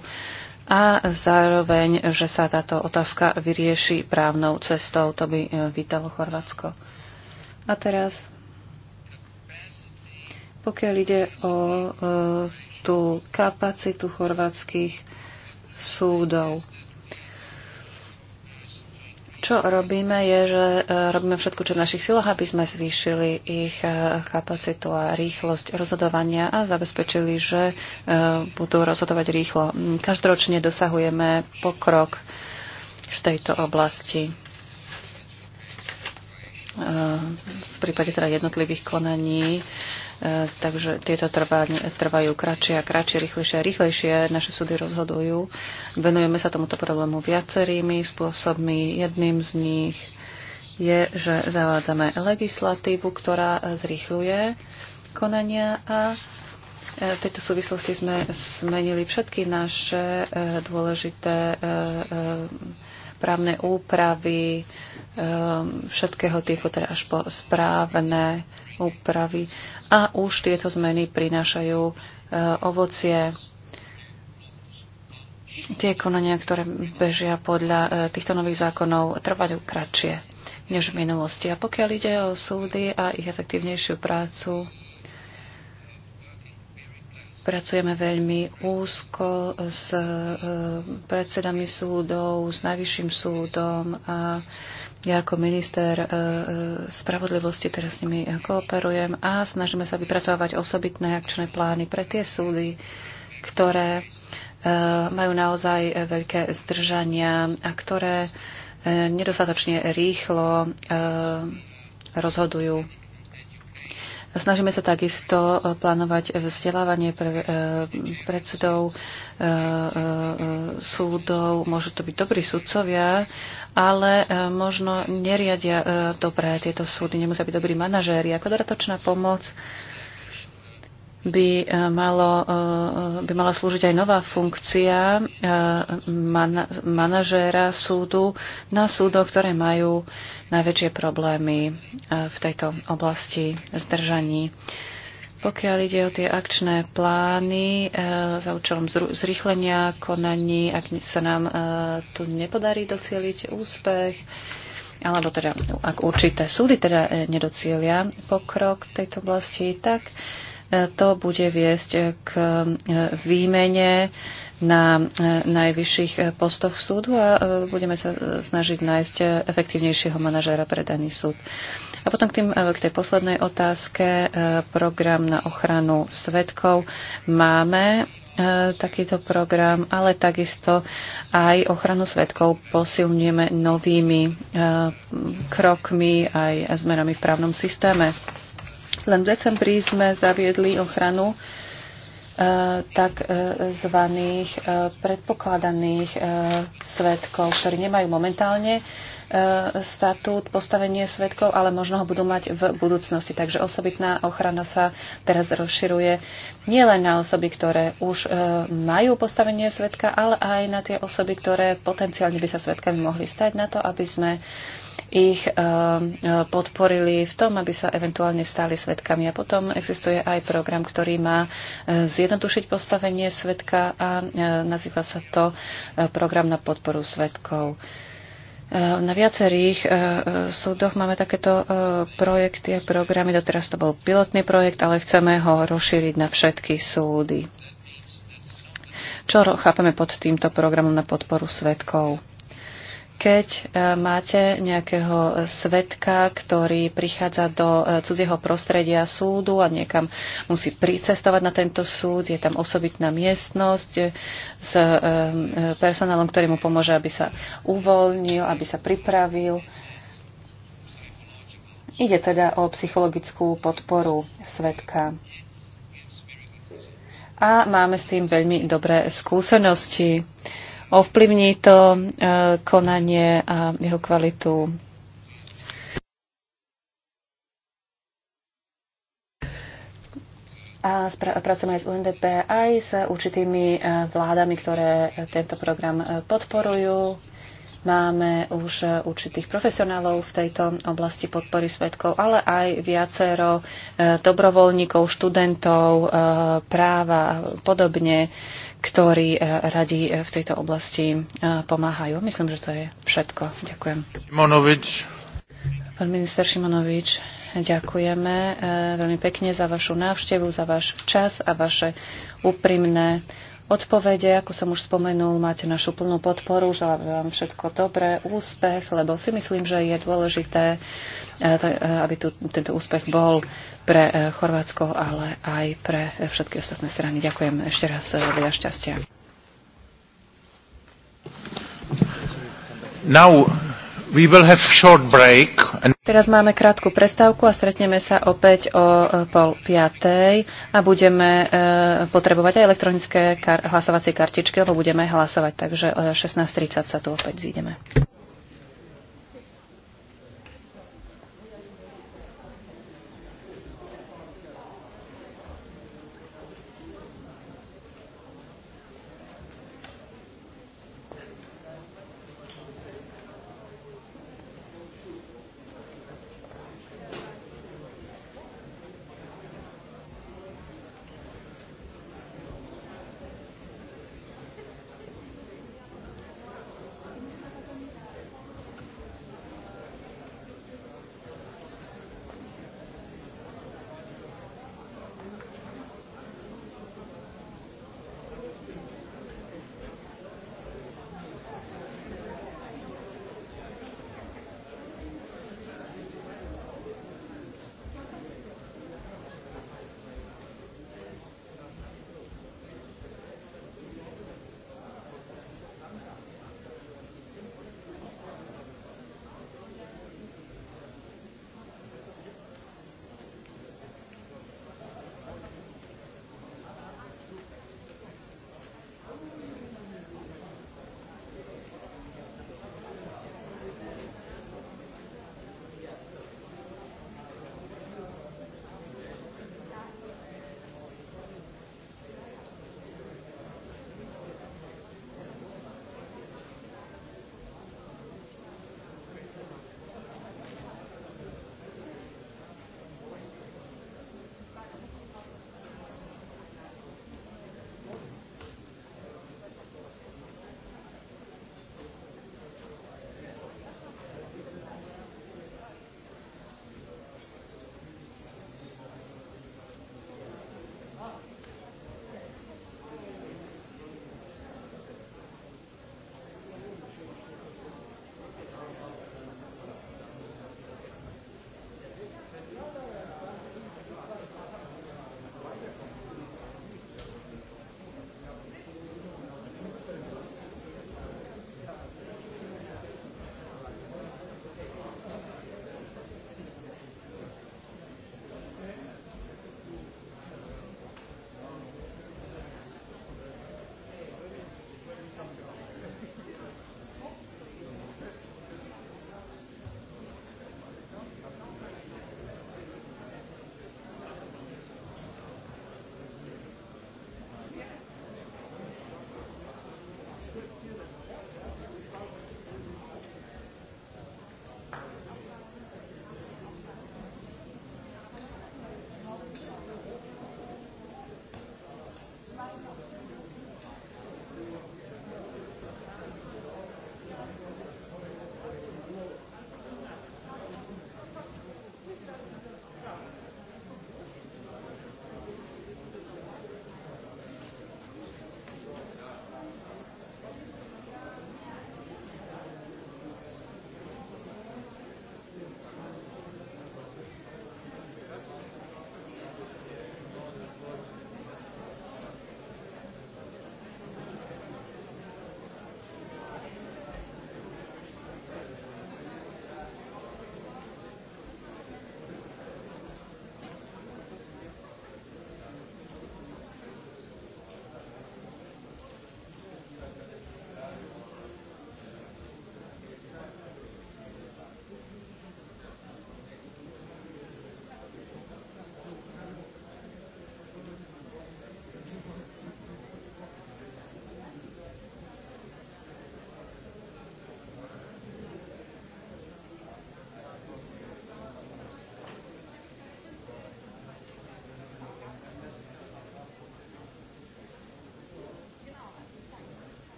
a zároveň, že sa táto otázka vyrieši právnou cestou. To by vítalo Chorvátsko. A teraz pokiaľ ide o e, tú kapacitu chorvátskych súdov. Čo robíme je, že e, robíme všetko, čo v našich silách, aby sme zvýšili ich e, kapacitu a rýchlosť rozhodovania a zabezpečili, že e, budú rozhodovať rýchlo. Každoročne dosahujeme pokrok v tejto oblasti. V prípade teda jednotlivých konaní E, takže tieto trvajú kratšie a kratšie, rýchlejšie a rýchlejšie. Naše súdy rozhodujú. Venujeme sa tomuto problému viacerými spôsobmi. Jedným z nich je, že zavádzame legislatívu, ktorá zrýchluje konania a e, v tejto súvislosti sme zmenili všetky naše e, dôležité právne úpravy všetkého typu, teda až po správne úpravy. A už tieto zmeny prinášajú e, ovocie. Tie konania, ktoré bežia podľa e, týchto nových zákonov, trvajú kratšie než v minulosti. A pokiaľ ide o súdy a ich efektívnejšiu prácu, Pracujeme veľmi úzko s e, predsedami súdov, s najvyšším súdom a ja ako minister e, e, spravodlivosti teraz s nimi kooperujem a snažíme sa vypracovať osobitné akčné plány pre tie súdy, ktoré majú naozaj veľké zdržania a ktoré nedostatočne rýchlo rozhodujú Snažíme sa takisto eh, plánovať eh, vzdelávanie pre eh, predsedov súdov. Môžu to byť dobrí sudcovia, ale možno neriadia dobré tieto súdy, nemusia byť dobrí manažéri. Ako dodatočná pomoc by, eh, malo, eh, by mala slúžiť aj nová funkcia eh, manažéra súdu na súdoch, ktoré majú najväčšie problémy v tejto oblasti zdržaní. Pokiaľ ide o tie akčné plány za účelom zrýchlenia konaní, ak sa nám tu nepodarí docieliť úspech, alebo teda ak určité súdy teda nedocielia pokrok v tejto oblasti, tak to bude viesť k e, výmene na e, najvyšších postoch súdu a e, budeme sa snažiť nájsť efektívnejšieho manažéra pre daný súd. A potom k, tým, k tej poslednej otázke, program na ochranu svetkov. Máme takýto program, ale takisto aj ochranu svetkov posilňujeme novými krokmi aj zmerami v právnom systéme. Len v decembri sme zaviedli ochranu e, tak e, zvaných e, predpokladaných svetkov, ktorí nemajú momentálne E, statút, postavenie svetkov, ale možno ho budú mať v budúcnosti. Takže osobitná ochrana sa teraz rozširuje nielen na osoby, ktoré už e, majú postavenie svetka, ale aj na tie osoby, ktoré potenciálne by sa svetkami mohli stať na to, aby sme ich e, podporili v tom, aby sa eventuálne stali svetkami. A potom existuje aj program, ktorý má zjednodušiť postavenie svetka a nazýva sa to program na podporu svetkov. Eh, na viacerých eh, eh, súdoch máme takéto projekty a programy. Doteraz to bol pilotný projekt, ale chceme ho rozšíriť na všetky súdy. Čo chápeme pod týmto programom na podporu svetkov? keď e, máte nejakého svetka, ktorý prichádza do e, cudzieho prostredia súdu a niekam musí pricestovať na tento súd, je tam osobitná miestnosť e, s personálom, ktorý mu pomôže, aby sa uvoľnil, aby sa pripravil. Ide teda o psychologickú podporu svetka. A máme s tým veľmi dobré skúsenosti ovplyvní to e, konanie a jeho kvalitu. A pracujeme aj s UNDP, aj s určitými e, vládami, ktoré tento program e, podporujú. Máme už určitých profesionálov v tejto oblasti podpory svetkov, ale aj viacero e, dobrovoľníkov, študentov, e, práva a podobne, ktorí e, radi v tejto oblasti pomáhajú. Myslím, že to je všetko. Ďakujem. Šimonovič. Pán minister Šimonovič, ďakujeme veľmi pekne za vašu návštevu, za váš čas a vaše úprimné odpovede. Ako som už spomenul, máte našu plnú podporu. Želám vám všetko dobré, úspech, lebo si myslím, že je dôležité, e, e, aby tu, tento úspech bol pre e, Chorvátsko, ale aj pre všetky ostatné strany. Ďakujem ešte raz veľa šťastia. Now We will have short break and... Teraz máme krátku prestávku a stretneme sa opäť o e, pol piatej a budeme e, potrebovať aj elektronické kar- hlasovacie kartičky, lebo budeme hlasovať, takže o 16.30 sa tu opäť zídeme.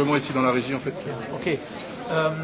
simplement ici dans la région en fait. Okay. Um...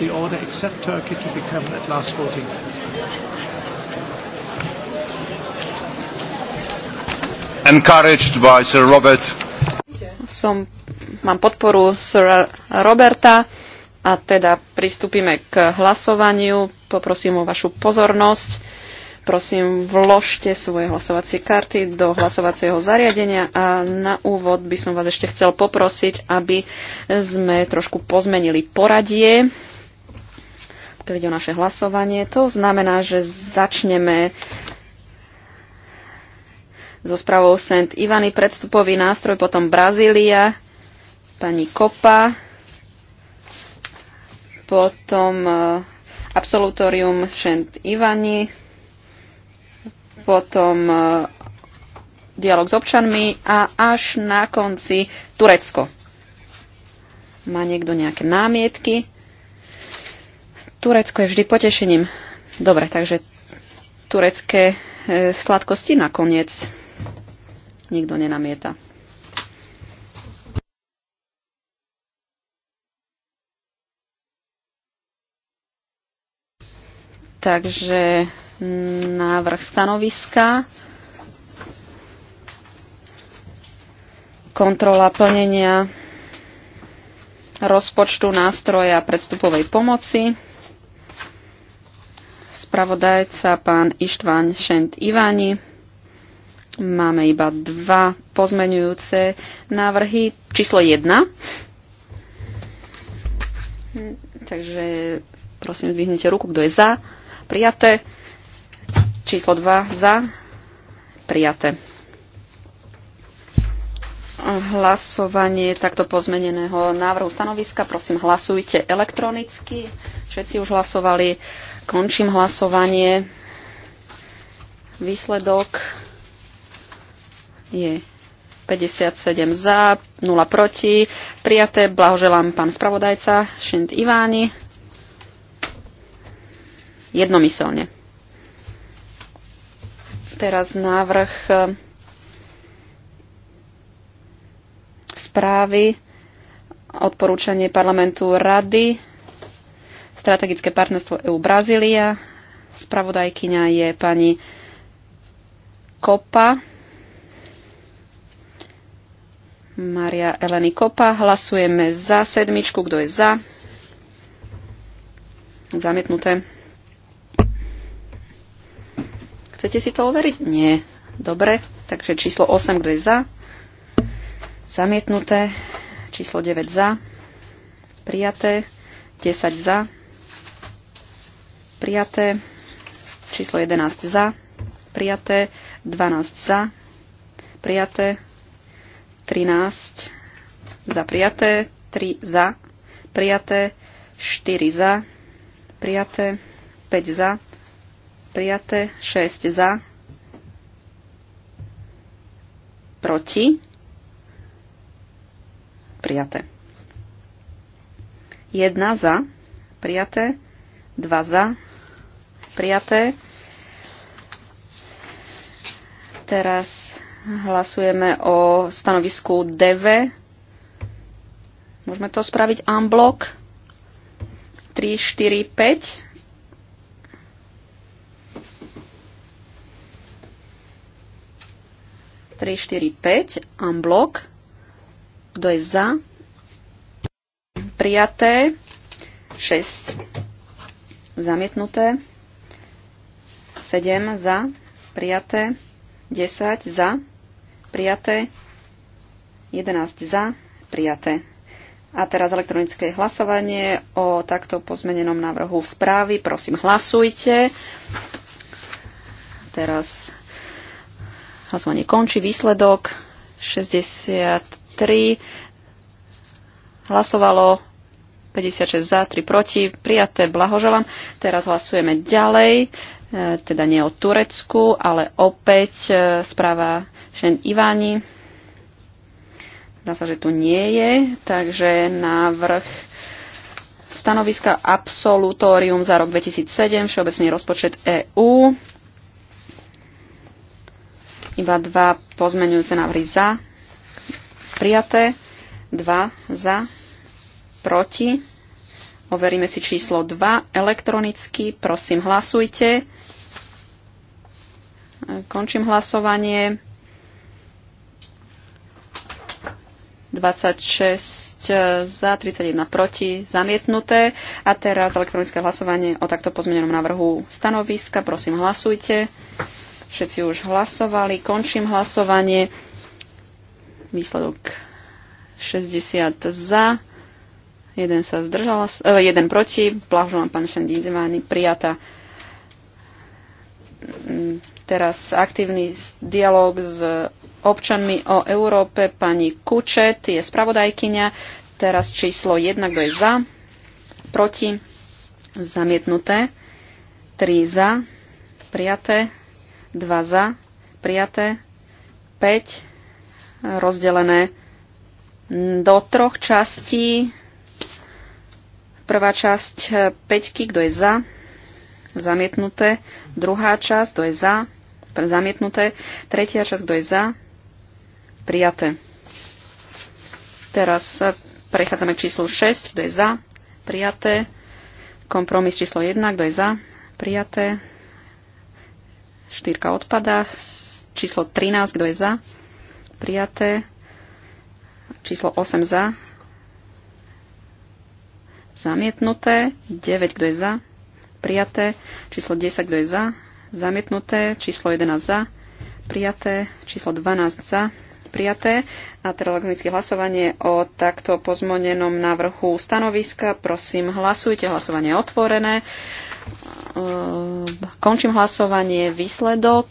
the order except Turkey to become at last voting. Encouraged by Sir Robert. Som, mám podporu Sir Roberta a teda pristúpime k hlasovaniu. Poprosím o vašu pozornosť. Prosím, vložte svoje hlasovacie karty do hlasovacieho zariadenia a na úvod by som vás ešte chcel poprosiť, aby sme trošku pozmenili poradie pokiaľ ide o naše hlasovanie. To znamená, že začneme so správou St. Ivany, predstupový nástroj, potom Brazília, pani Kopa, potom e, absolutorium St. Ivani, potom e, dialog s občanmi a až na konci Turecko. Má niekto nejaké námietky? Turecko je vždy potešením. Dobre, takže turecké e, sladkosti nakoniec nikto nenamieta. Takže návrh stanoviska. kontrola plnenia rozpočtu nástroja predstupovej pomoci spravodajca, pán Ištván Šent Ivani. Máme iba dva pozmenujúce návrhy. Číslo 1. Takže prosím, dvihnite ruku, kto je za. Prijaté. Číslo 2 za. Prijaté hlasovanie takto pozmeneného návrhu stanoviska. Prosím, hlasujte elektronicky. Všetci už hlasovali. Končím hlasovanie. Výsledok je 57 za, 0 proti. Prijaté. Blahoželám pán spravodajca Šint Iváni. Jednomyselne. Teraz návrh správy, odporúčanie parlamentu Rady, strategické partnerstvo EU-Brazília. Spravodajkyňa je pani Kopa. Maria Eleny Kopa. Hlasujeme za sedmičku. Kto je za? Zamietnuté. Chcete si to overiť? Nie. Dobre. Takže číslo 8. Kto je za? Zamietnuté. Číslo 9 za. Prijaté. 10 za. Prijaté. Číslo 11 za. Prijaté. 12 za. Prijaté. 13 za prijaté. 3 za. Prijaté. 4 za. Prijaté. 5 za. Prijaté. 6 za. Proti prijaté. 1 za, prijaté. 2 za, prijaté. Teraz hlasujeme o stanovisku DV. Môžeme to spraviť unblock. 3, 4, 5. Tri, štyri, päť, unblock. Kto je za? Prijaté. 6. Zamietnuté. 7 za. Prijaté. 10 za. Prijaté. 11 za. Prijaté. A teraz elektronické hlasovanie o takto pozmenenom návrhu v správy. Prosím, hlasujte. Teraz hlasovanie končí. Výsledok 63 3. Hlasovalo 56 za, 3 proti. Prijaté, blahoželám. Teraz hlasujeme ďalej, e, teda nie o Turecku, ale opäť e, správa Šen Iváni. Zdá sa, že tu nie je, takže návrh stanoviska absolutórium za rok 2007, všeobecný rozpočet EÚ. Iba dva pozmenujúce návrhy za, prijaté. 2 za, proti. Overíme si číslo 2 elektronicky. Prosím, hlasujte. Končím hlasovanie. 26 eh, za, 31 proti, zamietnuté. A teraz elektronické hlasovanie o takto pozmenenom návrhu stanoviska. Prosím, hlasujte. Všetci už hlasovali. Končím hlasovanie. Výsledok 60 za, jeden sa zdržal, eh, jeden proti. Blahoželám pán Šendidemány, prijatá. Mm, teraz aktívny dialog s občanmi o Európe. Pani Kučet je spravodajkyňa. Teraz číslo 1, kto je za, proti, zamietnuté, 3 za, prijaté, 2 za, prijaté, 5 rozdelené do troch častí. Prvá časť 5, eh, kto je za, zamietnuté. Druhá časť, kto je za, zamietnuté. Tretia časť, kto je za, prijaté. Teraz eh, prechádzame k číslu 6, kto je za, prijaté. Kompromis číslo 1, kto je za, prijaté. Štyrka odpadá. Číslo 13, kto je za, prijaté. Číslo 8 za. Zamietnuté. 9, kto je za. Prijaté. Číslo 10, kto je za. Zamietnuté. Číslo 11 za. Prijaté. Číslo 12 za. Prijaté. A teda elektronické hlasovanie o takto pozmonenom návrhu stanoviska. Prosím, hlasujte. Hlasovanie je otvorené. Ehm, končím hlasovanie. Výsledok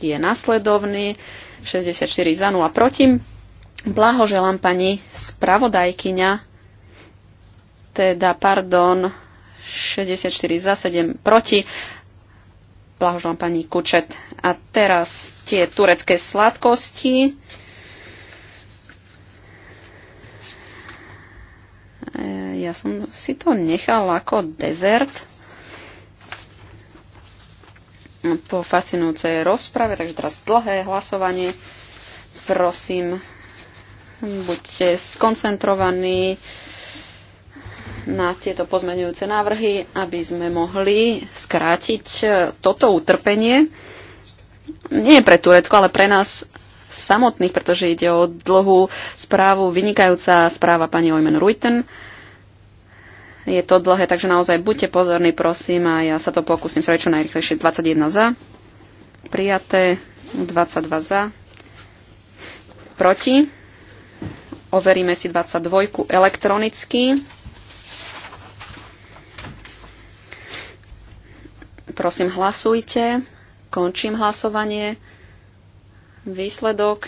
je nasledovný. 64 za 0 proti. Blahoželám pani spravodajkyňa, teda pardon, 64 za 7 proti. Blahoželám pani Kučet. A teraz tie turecké sladkosti. E, ja som si to nechal ako dezert po fascinujúcej rozprave, takže teraz dlhé hlasovanie. Prosím, buďte skoncentrovaní na tieto pozmeňujúce návrhy, aby sme mohli skrátiť e, toto utrpenie. Nie pre Turecko, ale pre nás samotných, pretože ide o dlhú správu, vynikajúca správa pani Ojmen Ruiten. Je to dlhé, takže naozaj buďte pozorní, prosím, a ja sa to pokúsim sa čo najrychlejšie. 21 za, prijaté, 22 za, proti. Overíme si 22 elektronicky. Prosím, hlasujte. Končím hlasovanie. Výsledok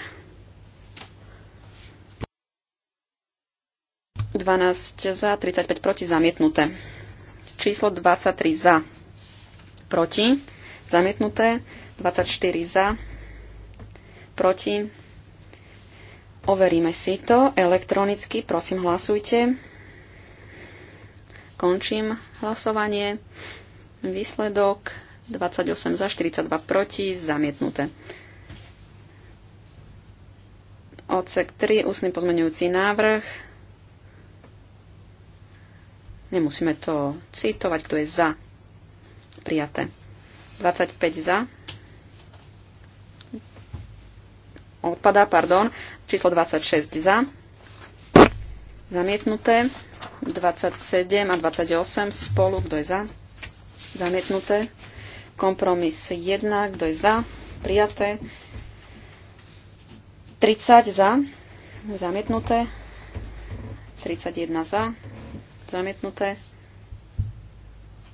12 za, 35 proti, zamietnuté. Číslo 23 za, proti, zamietnuté. 24 za, proti. Overíme si to elektronicky, prosím hlasujte. Končím hlasovanie. Výsledok 28 za, 42 proti, zamietnuté. Odsek 3, ústny pozmeňujúci návrh. Nemusíme to citovať, kto je za. Prijaté. 25 za. Odpadá, pardon. Číslo 26 za. Zamietnuté. 27 a 28 spolu. Kto je za? Zamietnuté. Kompromis 1. Kto je za? Prijaté. 30 za. Zamietnuté. 31 za zamietnuté.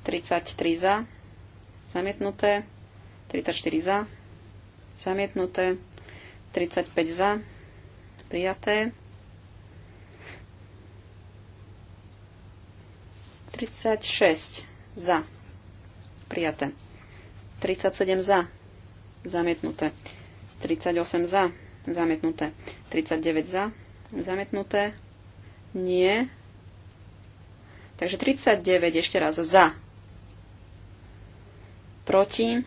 33 za, zamietnuté. 34 za, zamietnuté. 35 za, prijaté. 36 za, prijaté. 37 za, zamietnuté. 38 za, zamietnuté. 39 za, zamietnuté. Nie, Takže 39 ešte raz za. Proti.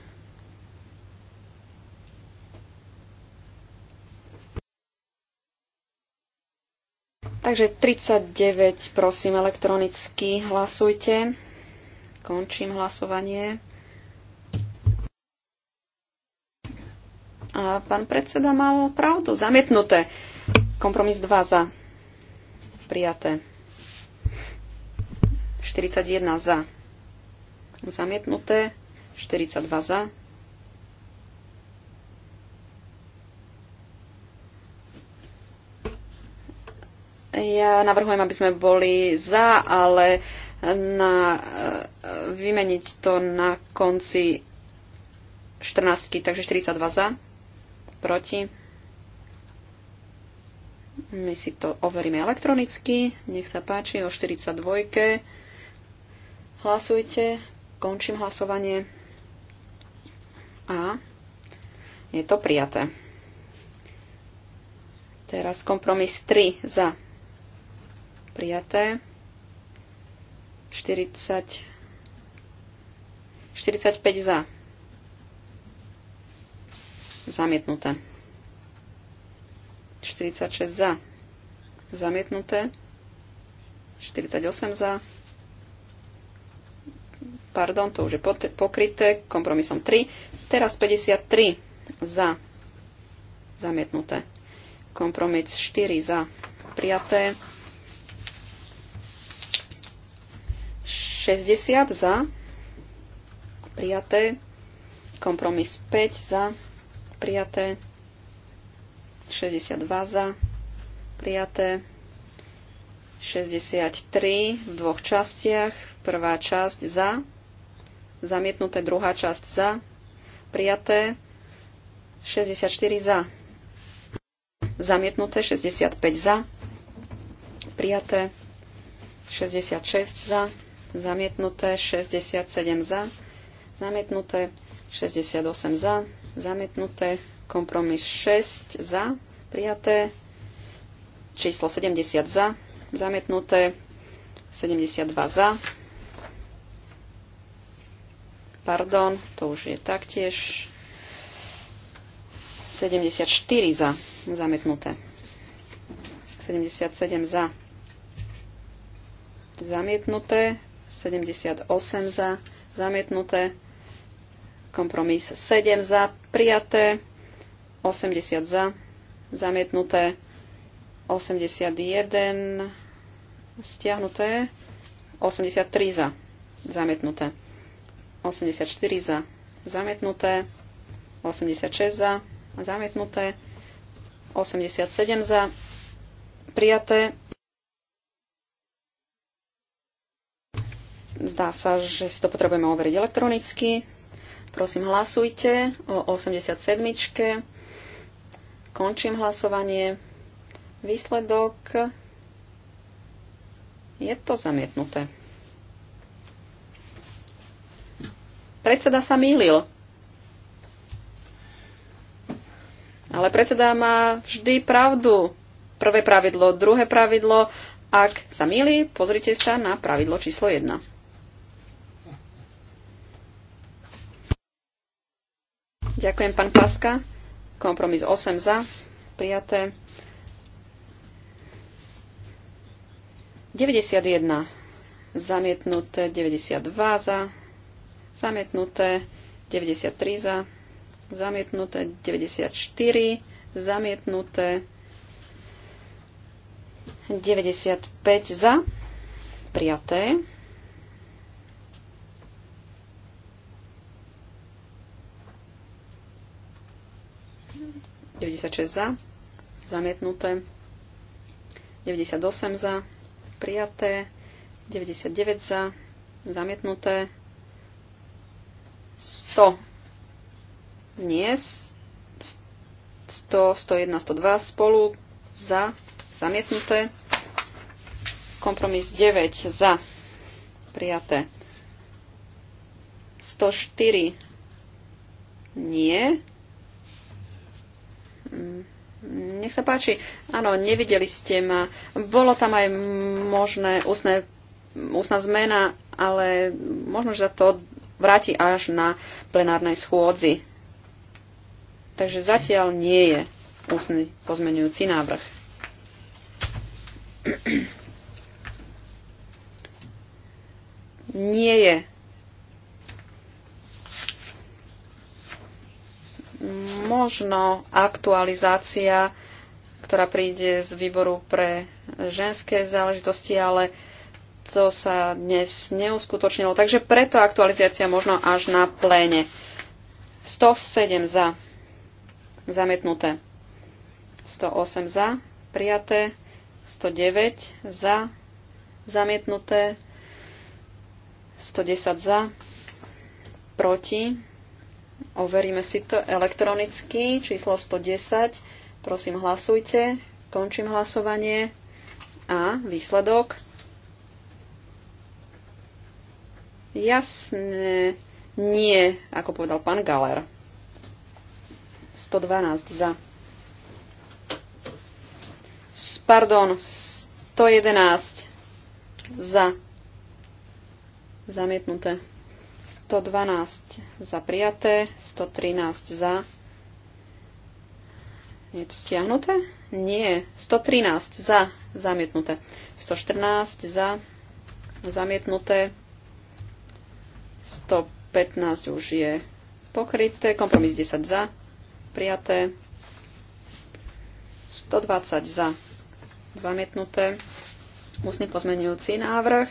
Takže 39, prosím, elektronicky hlasujte. Končím hlasovanie. A pán predseda mal pravdu, zamietnuté. Kompromis 2 za. Prijaté. 41 za. Zamietnuté. 42 za. Ja navrhujem, aby sme boli za, ale na, e, vymeniť to na konci 14, takže 42 za, proti. My si to overíme elektronicky, nech sa páči, o 42. Hlasujte. Končím hlasovanie. A je to prijaté. Teraz kompromis 3 za prijaté. 40, 45 za. Zamietnuté. 46 za. Zamietnuté. 48 za pardon, to už je pokryté kompromisom 3. Teraz 53 za zamietnuté. Kompromis 4 za prijaté. 60 za prijaté. Kompromis 5 za prijaté. 62 za prijaté. 63 v dvoch častiach. Prvá časť za zamietnuté, druhá časť za, prijaté, 64 za, zamietnuté, 65 za, prijaté, 66 za, zamietnuté, 67 za, zamietnuté, 68 za, zamietnuté, kompromis 6 za, prijaté, číslo 70 za, zamietnuté, 72 za, Pardon, to už je taktiež 74 za zamietnuté. 77 za zamietnuté, 78 za zamietnuté, kompromis 7 za prijaté, 80 za zamietnuté, 81 stiahnuté, 83 za zamietnuté. 84 za zamietnuté, 86 za zamietnuté, 87 za prijaté. Zdá sa, že si to potrebujeme overiť elektronicky. Prosím, hlasujte o 87. Končím hlasovanie. Výsledok je to zamietnuté. Predseda sa mýlil. Ale predseda má vždy pravdu. Prvé pravidlo, druhé pravidlo. Ak sa mýli, pozrite sa na pravidlo číslo 1. Ďakujem, pán Paska. Kompromis 8 za. Prijaté. 91 zamietnuté, 92 za, zamietnuté 93 za, zamietnuté 94, zamietnuté 95 za, prijaté. za, zamietnuté. 98 za, prijaté. 99 za, zamietnuté. 100. Nie. 100, 101, 102 spolu. Za. Zamietnuté. Kompromis 9. Za. Prijaté. 104. Nie. Mm, nech sa páči. Áno, nevideli ste ma. Bolo tam aj možné ústne, ústna zmena, ale možno, že za to vráti až na plenárnej schôdzi. Takže zatiaľ nie je ústny pozmenujúci návrh. Nie je možno aktualizácia, ktorá príde z výboru pre ženské záležitosti, ale to sa dnes neuskutočnilo, takže preto aktualizácia možno až na pléne. 107 za, zamietnuté. 108 za, prijaté. 109 za, zamietnuté. 110 za, proti. Overíme si to elektronicky. Číslo 110. Prosím, hlasujte. Končím hlasovanie. A výsledok Jasne, nie, ako povedal pán Galer. 112 za. Pardon, 111 za. Zamietnuté. 112 za prijaté, 113 za. Je to stiahnuté? Nie. 113 za zamietnuté. 114 za zamietnuté. 115 už je pokryté. Kompromis 10 za. Prijaté. 120 za. Zamietnuté. Ústny pozmenujúci návrh.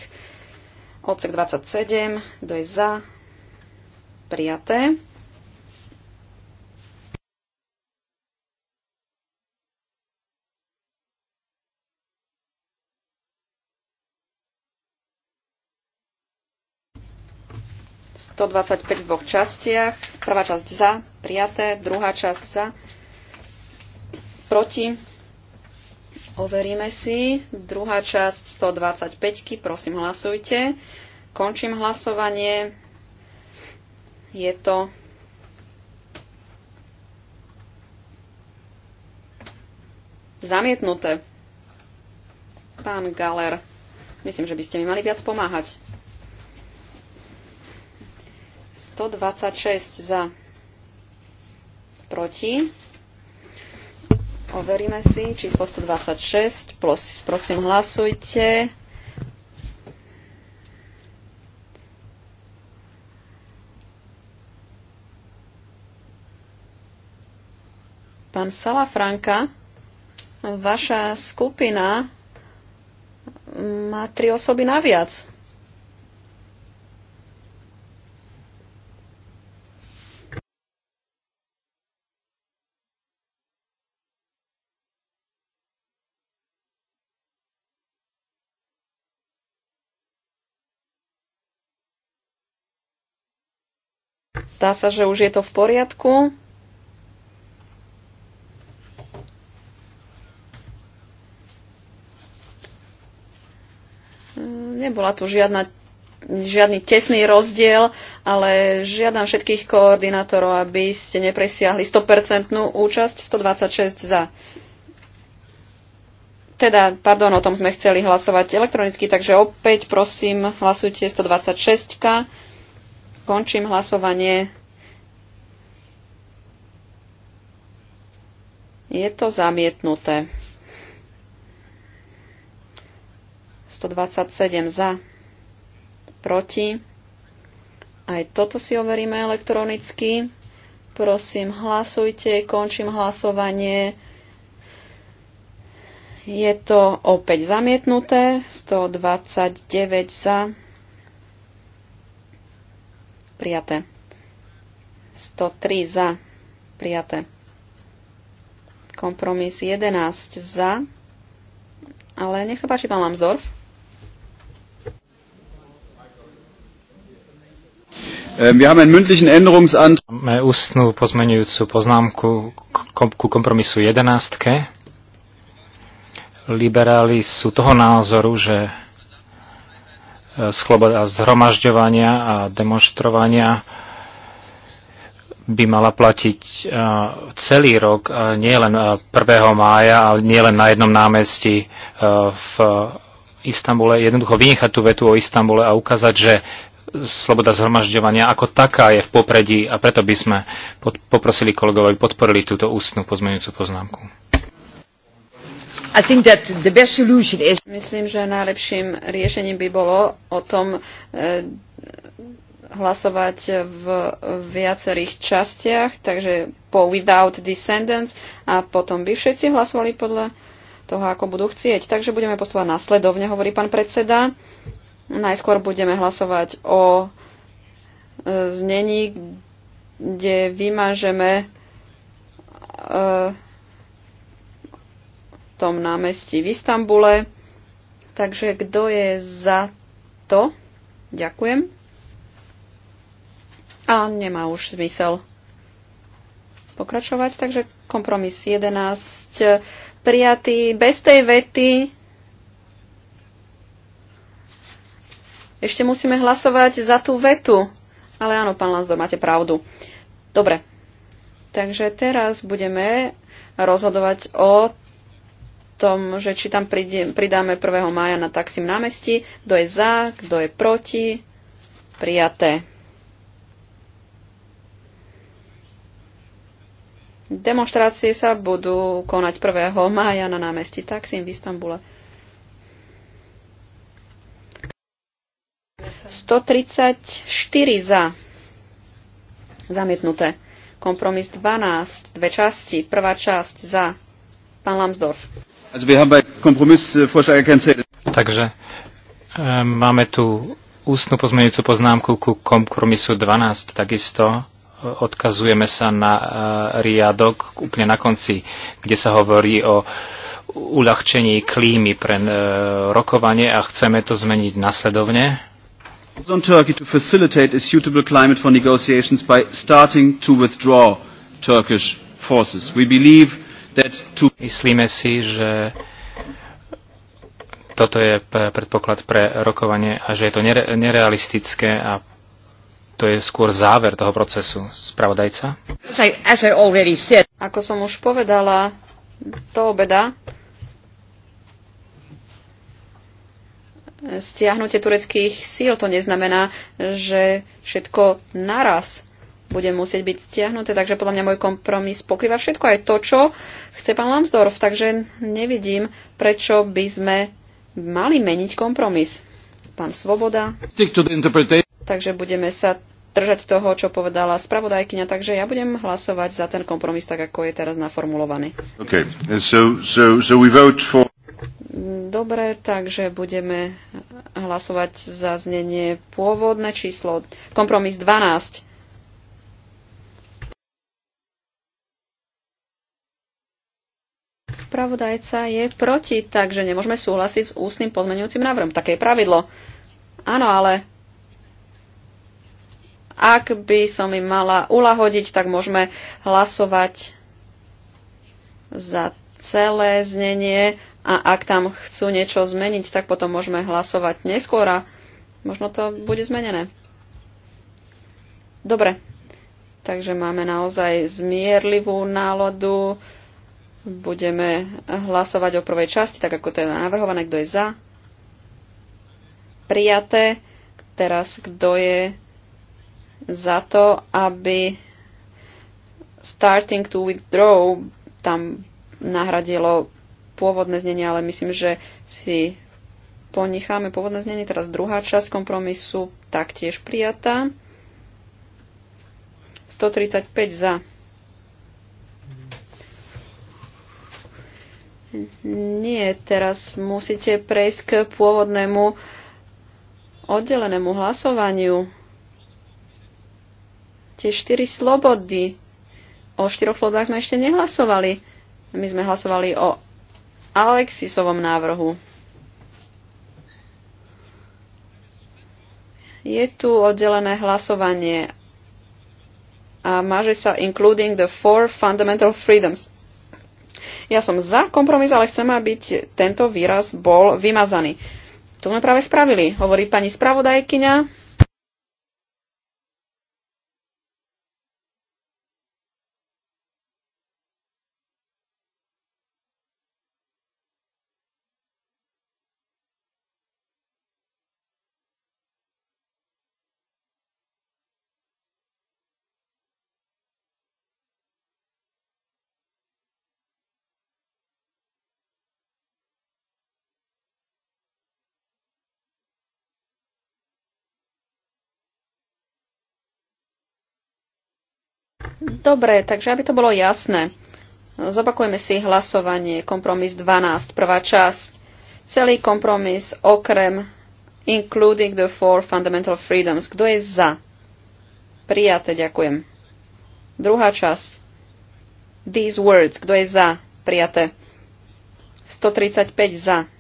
Odsek 27. Kto je za? Prijaté. 125 v dvoch častiach. Prvá časť za, prijaté, druhá časť za, proti. Overíme si. Druhá časť 125, prosím hlasujte. Končím hlasovanie. Je to zamietnuté. Pán Galer, myslím, že by ste mi mali viac pomáhať. 126 za, proti. Overíme si číslo 126. Prosím, prosím hlasujte. Pán Sala Franka, vaša skupina má tri osoby naviac. Zdá sa, že už je to v poriadku. Nebola tu žiadna, žiadny tesný rozdiel, ale žiadam všetkých koordinátorov, aby ste nepresiahli 100% účasť, 126 za. Teda, pardon, o tom sme chceli hlasovať elektronicky, takže opäť prosím, hlasujte 126. Končím hlasovanie. Je to zamietnuté. 127 za, proti. Aj toto si overíme elektronicky. Prosím, hlasujte, končím hlasovanie. Je to opäť zamietnuté, 129 za, prijaté. 103 za, prijaté. Kompromis 11 za, ale nech sa páči, pán Lamzorf. Ähm, wir haben einen mündlichen Änderungsantrag. Máme ústnú pozmenujúcu poznámku ku kompromisu 11. Liberáli sú toho názoru, že sloboda zhromažďovania a demonstrovania by mala platiť e, celý rok, e, nie len 1. E, mája, ale nie len na jednom námestí v Istambule. Jednoducho vynechať tú vetu o Istambule a ukázať, že sloboda zhromažďovania ako taká je v popredí a preto by sme poprosili kolegov, aby podporili túto ústnu pozmeňujúcu poznámku. Myslím, že najlepším riešením by bolo o tom e, hlasovať v viacerých častiach, takže po without descendants a potom by všetci hlasovali podľa toho, ako budú chcieť. Takže budeme postupovať následovne, hovorí pán predseda. Najskôr budeme hlasovať o e, znení, kde vymážeme e, tom námestí v Istambule. Takže kto je za to? Ďakujem. A nemá už zmysel pokračovať, takže kompromis 11 prijatý bez tej vety. Ešte musíme hlasovať za tú vetu. Ale áno, pán Lásdo, máte pravdu. Dobre. Takže teraz budeme rozhodovať o tom, že či tam pridáme 1. mája na Taksim námestí, kto je za, kto je proti, prijaté. Demonstrácie sa budú konať 1. mája na námestí Taksim v Istambule. 134 za. Zamietnuté. Kompromis 12, dve časti. Prvá časť za. Pán Lambsdorff. Takže ehm, máme tu ústnu pozmeňujúcu poznámku ku kompromisu 12 takisto. E, odkazujeme sa na e, riadok úplne na konci, kde sa hovorí o uľahčení klímy pre e, rokovanie a chceme to zmeniť nasledovne. On Turkey to facilitate a suitable climate for negotiations by starting to withdraw Turkish forces. We believe Myslíme si, že toto je predpoklad pre rokovanie a že je to nere- nerealistické a to je skôr záver toho procesu. Spravodajca? Ako som už povedala, do obeda stiahnutie tureckých síl to neznamená, že všetko naraz bude musieť byť stiahnuté, takže podľa mňa môj kompromis pokrýva všetko, aj to, čo chce pán Lambsdorf, takže nevidím, prečo by sme mali meniť kompromis. Pán Svoboda. Takže budeme sa držať toho, čo povedala spravodajkyňa, takže ja budem hlasovať za ten kompromis tak, ako je teraz naformulovaný. Okay. So, so, so we vote for... Dobre, takže budeme hlasovať za znenie pôvodné číslo kompromis 12. Spravodajca je proti, takže nemôžeme súhlasiť s ústnym pozmenujúcim návrhom. Také je pravidlo. Áno, ale ak by som im mala ulahodiť, tak môžeme hlasovať za celé znenie a ak tam chcú niečo zmeniť, tak potom môžeme hlasovať neskôr a možno to bude zmenené. Dobre, takže máme naozaj zmierlivú náladu. Budeme hlasovať o prvej časti, tak ako to je navrhované, kto je za. Prijaté. Teraz kto je za to, aby starting to withdraw tam nahradilo pôvodné znenie, ale myslím, že si ponecháme pôvodné znenie. Teraz druhá časť kompromisu taktiež prijatá. 135 za. Nie, teraz musíte prejsť k pôvodnému oddelenému hlasovaniu. Tie štyri slobody. O štyroch slobodách sme ešte nehlasovali. My sme hlasovali o Alexisovom návrhu. Je tu oddelené hlasovanie a máže sa including the four fundamental freedoms. Ja som za kompromis, ale chcem, aby tento výraz bol vymazaný. To sme práve spravili, hovorí pani spravodajkyňa. Dobre, takže aby to bolo jasné. Zopakujeme si hlasovanie. Kompromis 12, prvá časť. Celý kompromis okrem including the four fundamental freedoms. Kto je za? Prijaté, ďakujem. Druhá časť. These words. Kto je za? Prijaté. 135 za.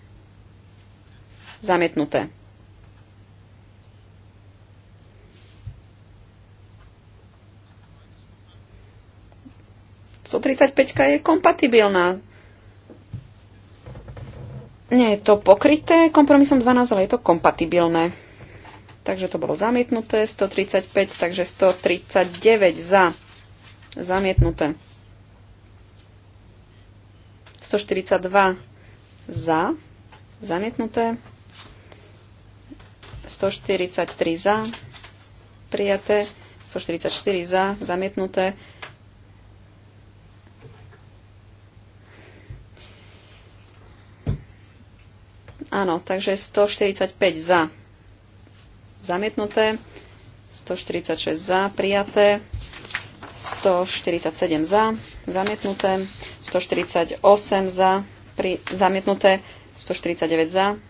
Zamietnuté. 135 je kompatibilná. Nie je to pokryté kompromisom 12, ale je to kompatibilné. Takže to bolo zamietnuté, 135, takže 139 za zamietnuté. 142 za zamietnuté. 143 za prijaté. 144 za zamietnuté. Áno, takže 145 za zamietnuté, 146 za prijaté, 147 za zamietnuté, 148 za pri, zamietnuté, 149 za.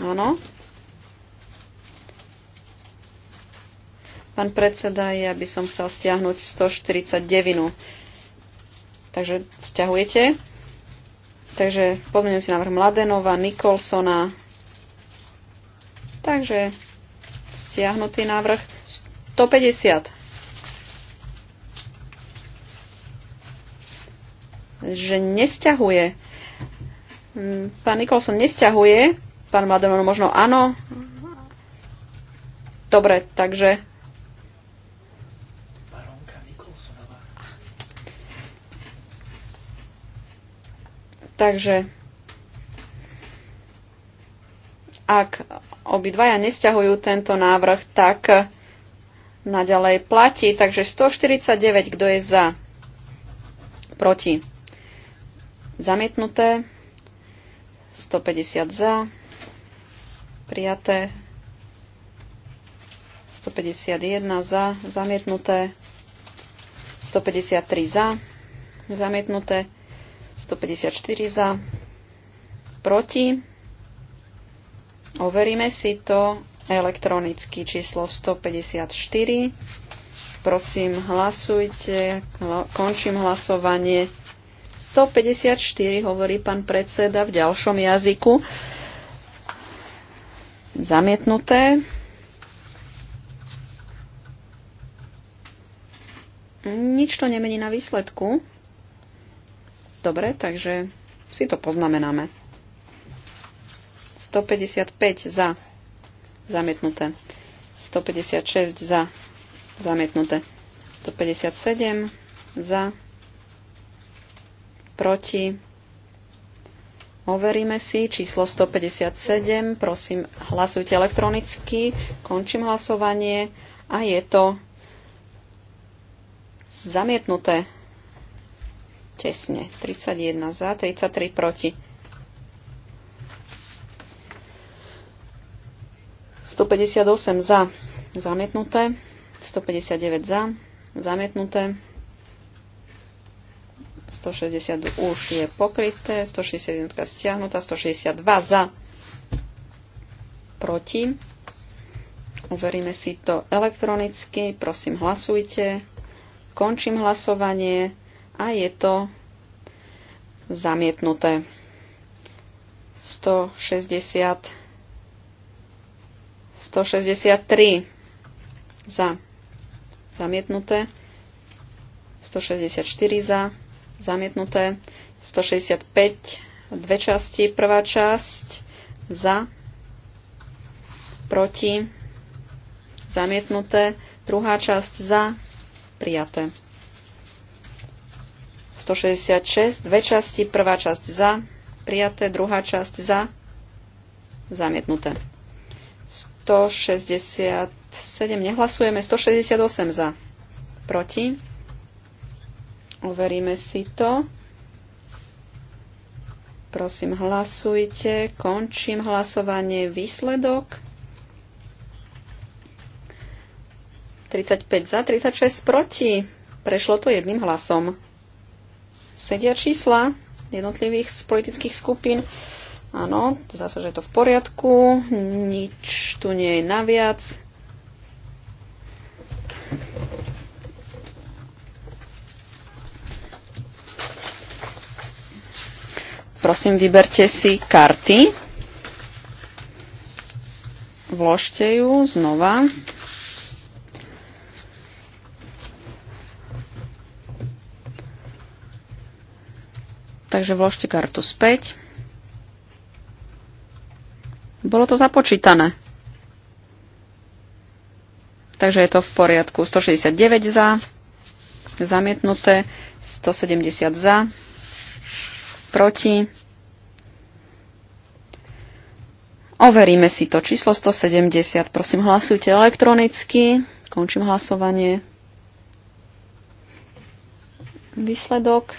Áno. Pán predseda, ja by som chcel stiahnuť 149. Takže stiahujete? Takže si návrh Mladenova, Nikolsona. Takže stiahnutý návrh 150. Že nesťahuje. Mm, pán Nikolson nesťahuje, pán Mladenov no možno áno. Dobre, takže Takže ak obidvaja nesťahujú tento návrh, tak naďalej platí. Takže 149, kto je za? Proti. Zamietnuté. 150 za. Prijaté. 151 za. Zamietnuté. 153 za. Zamietnuté. 154 za, proti. Overíme si to elektronicky číslo 154. Prosím, hlasujte. Končím hlasovanie. 154 hovorí pán predseda v ďalšom jazyku. Zamietnuté. Nič to nemení na výsledku. Dobre, takže si to poznamenáme. 155 za zamietnuté. 156 za zamietnuté. 157 za proti. Overíme si číslo 157. Prosím, hlasujte elektronicky. Končím hlasovanie a je to zamietnuté tesne. 31 za, 33 proti. 158 za, zamietnuté. 159 za, zamietnuté. 160 už je pokryté, 161 stiahnutá, 162 za, proti. Uveríme si to elektronicky, prosím hlasujte. Končím hlasovanie a je to zamietnuté. 160 163 za zamietnuté 164 za zamietnuté 165 dve časti prvá časť za proti zamietnuté druhá časť za prijaté 166, dve časti, prvá časť za, prijaté, druhá časť za, zamietnuté. 167, nehlasujeme, 168 za, proti. Overíme si to. Prosím, hlasujte. Končím hlasovanie. Výsledok. 35 za, 36 proti. Prešlo to jedným hlasom sedia čísla jednotlivých z politických skupín. Áno, zase, že je to v poriadku, nič tu nie je naviac. Prosím, vyberte si karty. Vložte ju znova. takže vložte kartu späť. Bolo to započítané. Takže je to v poriadku. 169 za, zamietnuté, 170 za, proti. Overíme si to číslo 170. Prosím, hlasujte elektronicky. Končím hlasovanie. Výsledok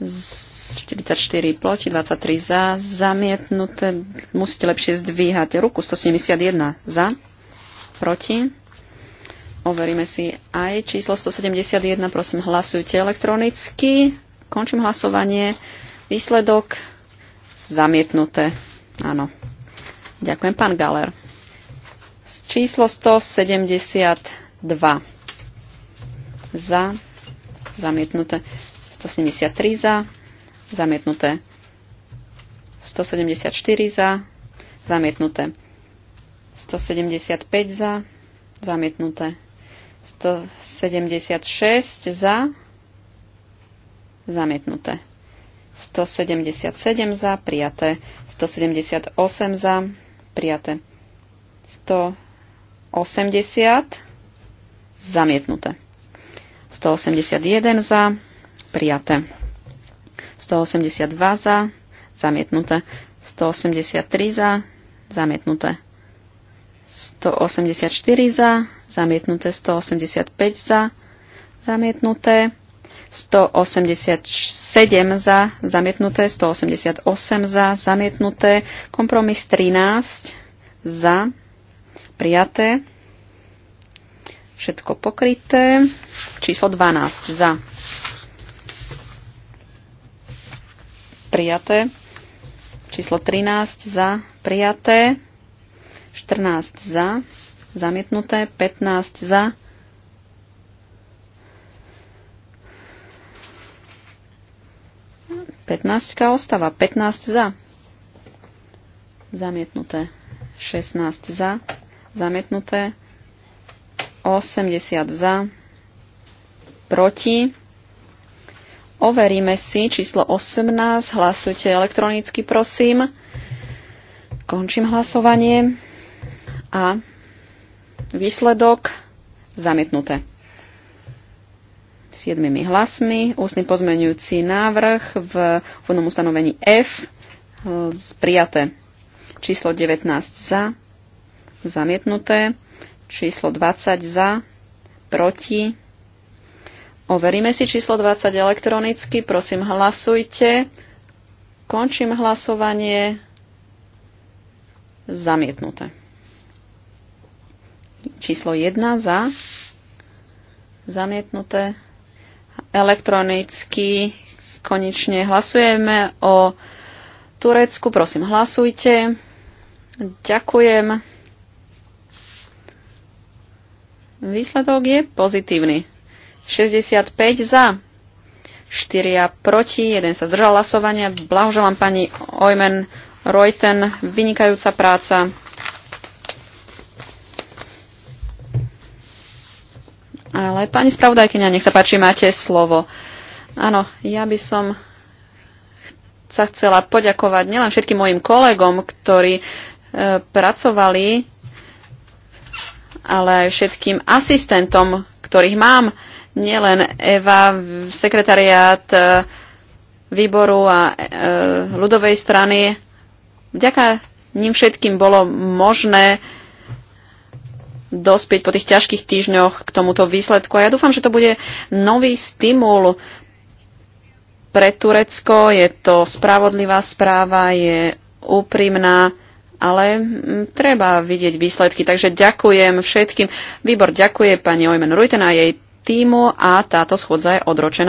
44 proti, 23 za, zamietnuté, musíte lepšie zdvíhať ruku, 171 za, proti. Overíme si aj číslo 171, prosím, hlasujte elektronicky. Končím hlasovanie. Výsledok zamietnuté. Áno. Ďakujem, pán Galer. Číslo 172. Za. Zamietnuté. 173 za, zamietnuté. 174 za, zamietnuté. 175 za, zamietnuté. 176 za, zamietnuté. 177 za, prijaté. 178 za, prijaté. 180 zamietnuté. 181 za, prijaté. 182 za, zamietnuté. 183 za, zamietnuté. 184 za, zamietnuté 185 za, zamietnuté 187 za, zamietnuté 188 za, zamietnuté kompromis 13 za, prijaté, všetko pokryté, číslo 12 za, prijaté. Číslo 13 za, prijaté. 14 za, zamietnuté. 15 za, Petnáctka ostáva. 15 za. Zamietnuté. 16 za. Zamietnuté. 80 za. Proti. Overíme si číslo 18. Hlasujte elektronicky, prosím. Končím hlasovanie. A výsledok zamietnuté. Siedmými hlasmi. Ústny pozmenujúci návrh v vodnom ustanovení F. Prijaté. Číslo 19 za. Zamietnuté. Číslo 20 za. Proti Overíme si číslo 20 elektronicky. Prosím, hlasujte. Končím hlasovanie. Zamietnuté. Číslo 1 za. Zamietnuté. Elektronicky konečne hlasujeme o Turecku. Prosím, hlasujte. Ďakujem. Výsledok je pozitívny. 65 za, 4 proti, 1 sa zdržal hlasovania. Blahoželám pani Ojmen Reuten, vynikajúca práca. Ale pani spravodajkyňa, nech sa páči, máte slovo. Áno, ja by som sa chcela poďakovať nielen všetkým mojim kolegom, ktorí e, pracovali, ale aj všetkým asistentom, ktorých mám nielen Eva, sekretariát e, výboru a e, ľudovej strany. Vďaka ním všetkým bolo možné dospieť po tých ťažkých týždňoch k tomuto výsledku. A ja dúfam, že to bude nový stimul pre Turecko. Je to spravodlivá správa, je úprimná, ale mm, treba vidieť výsledky. Takže ďakujem všetkým. Výbor ďakuje pani Ojmen Rujten a jej týmu a táto schôdza je odročená.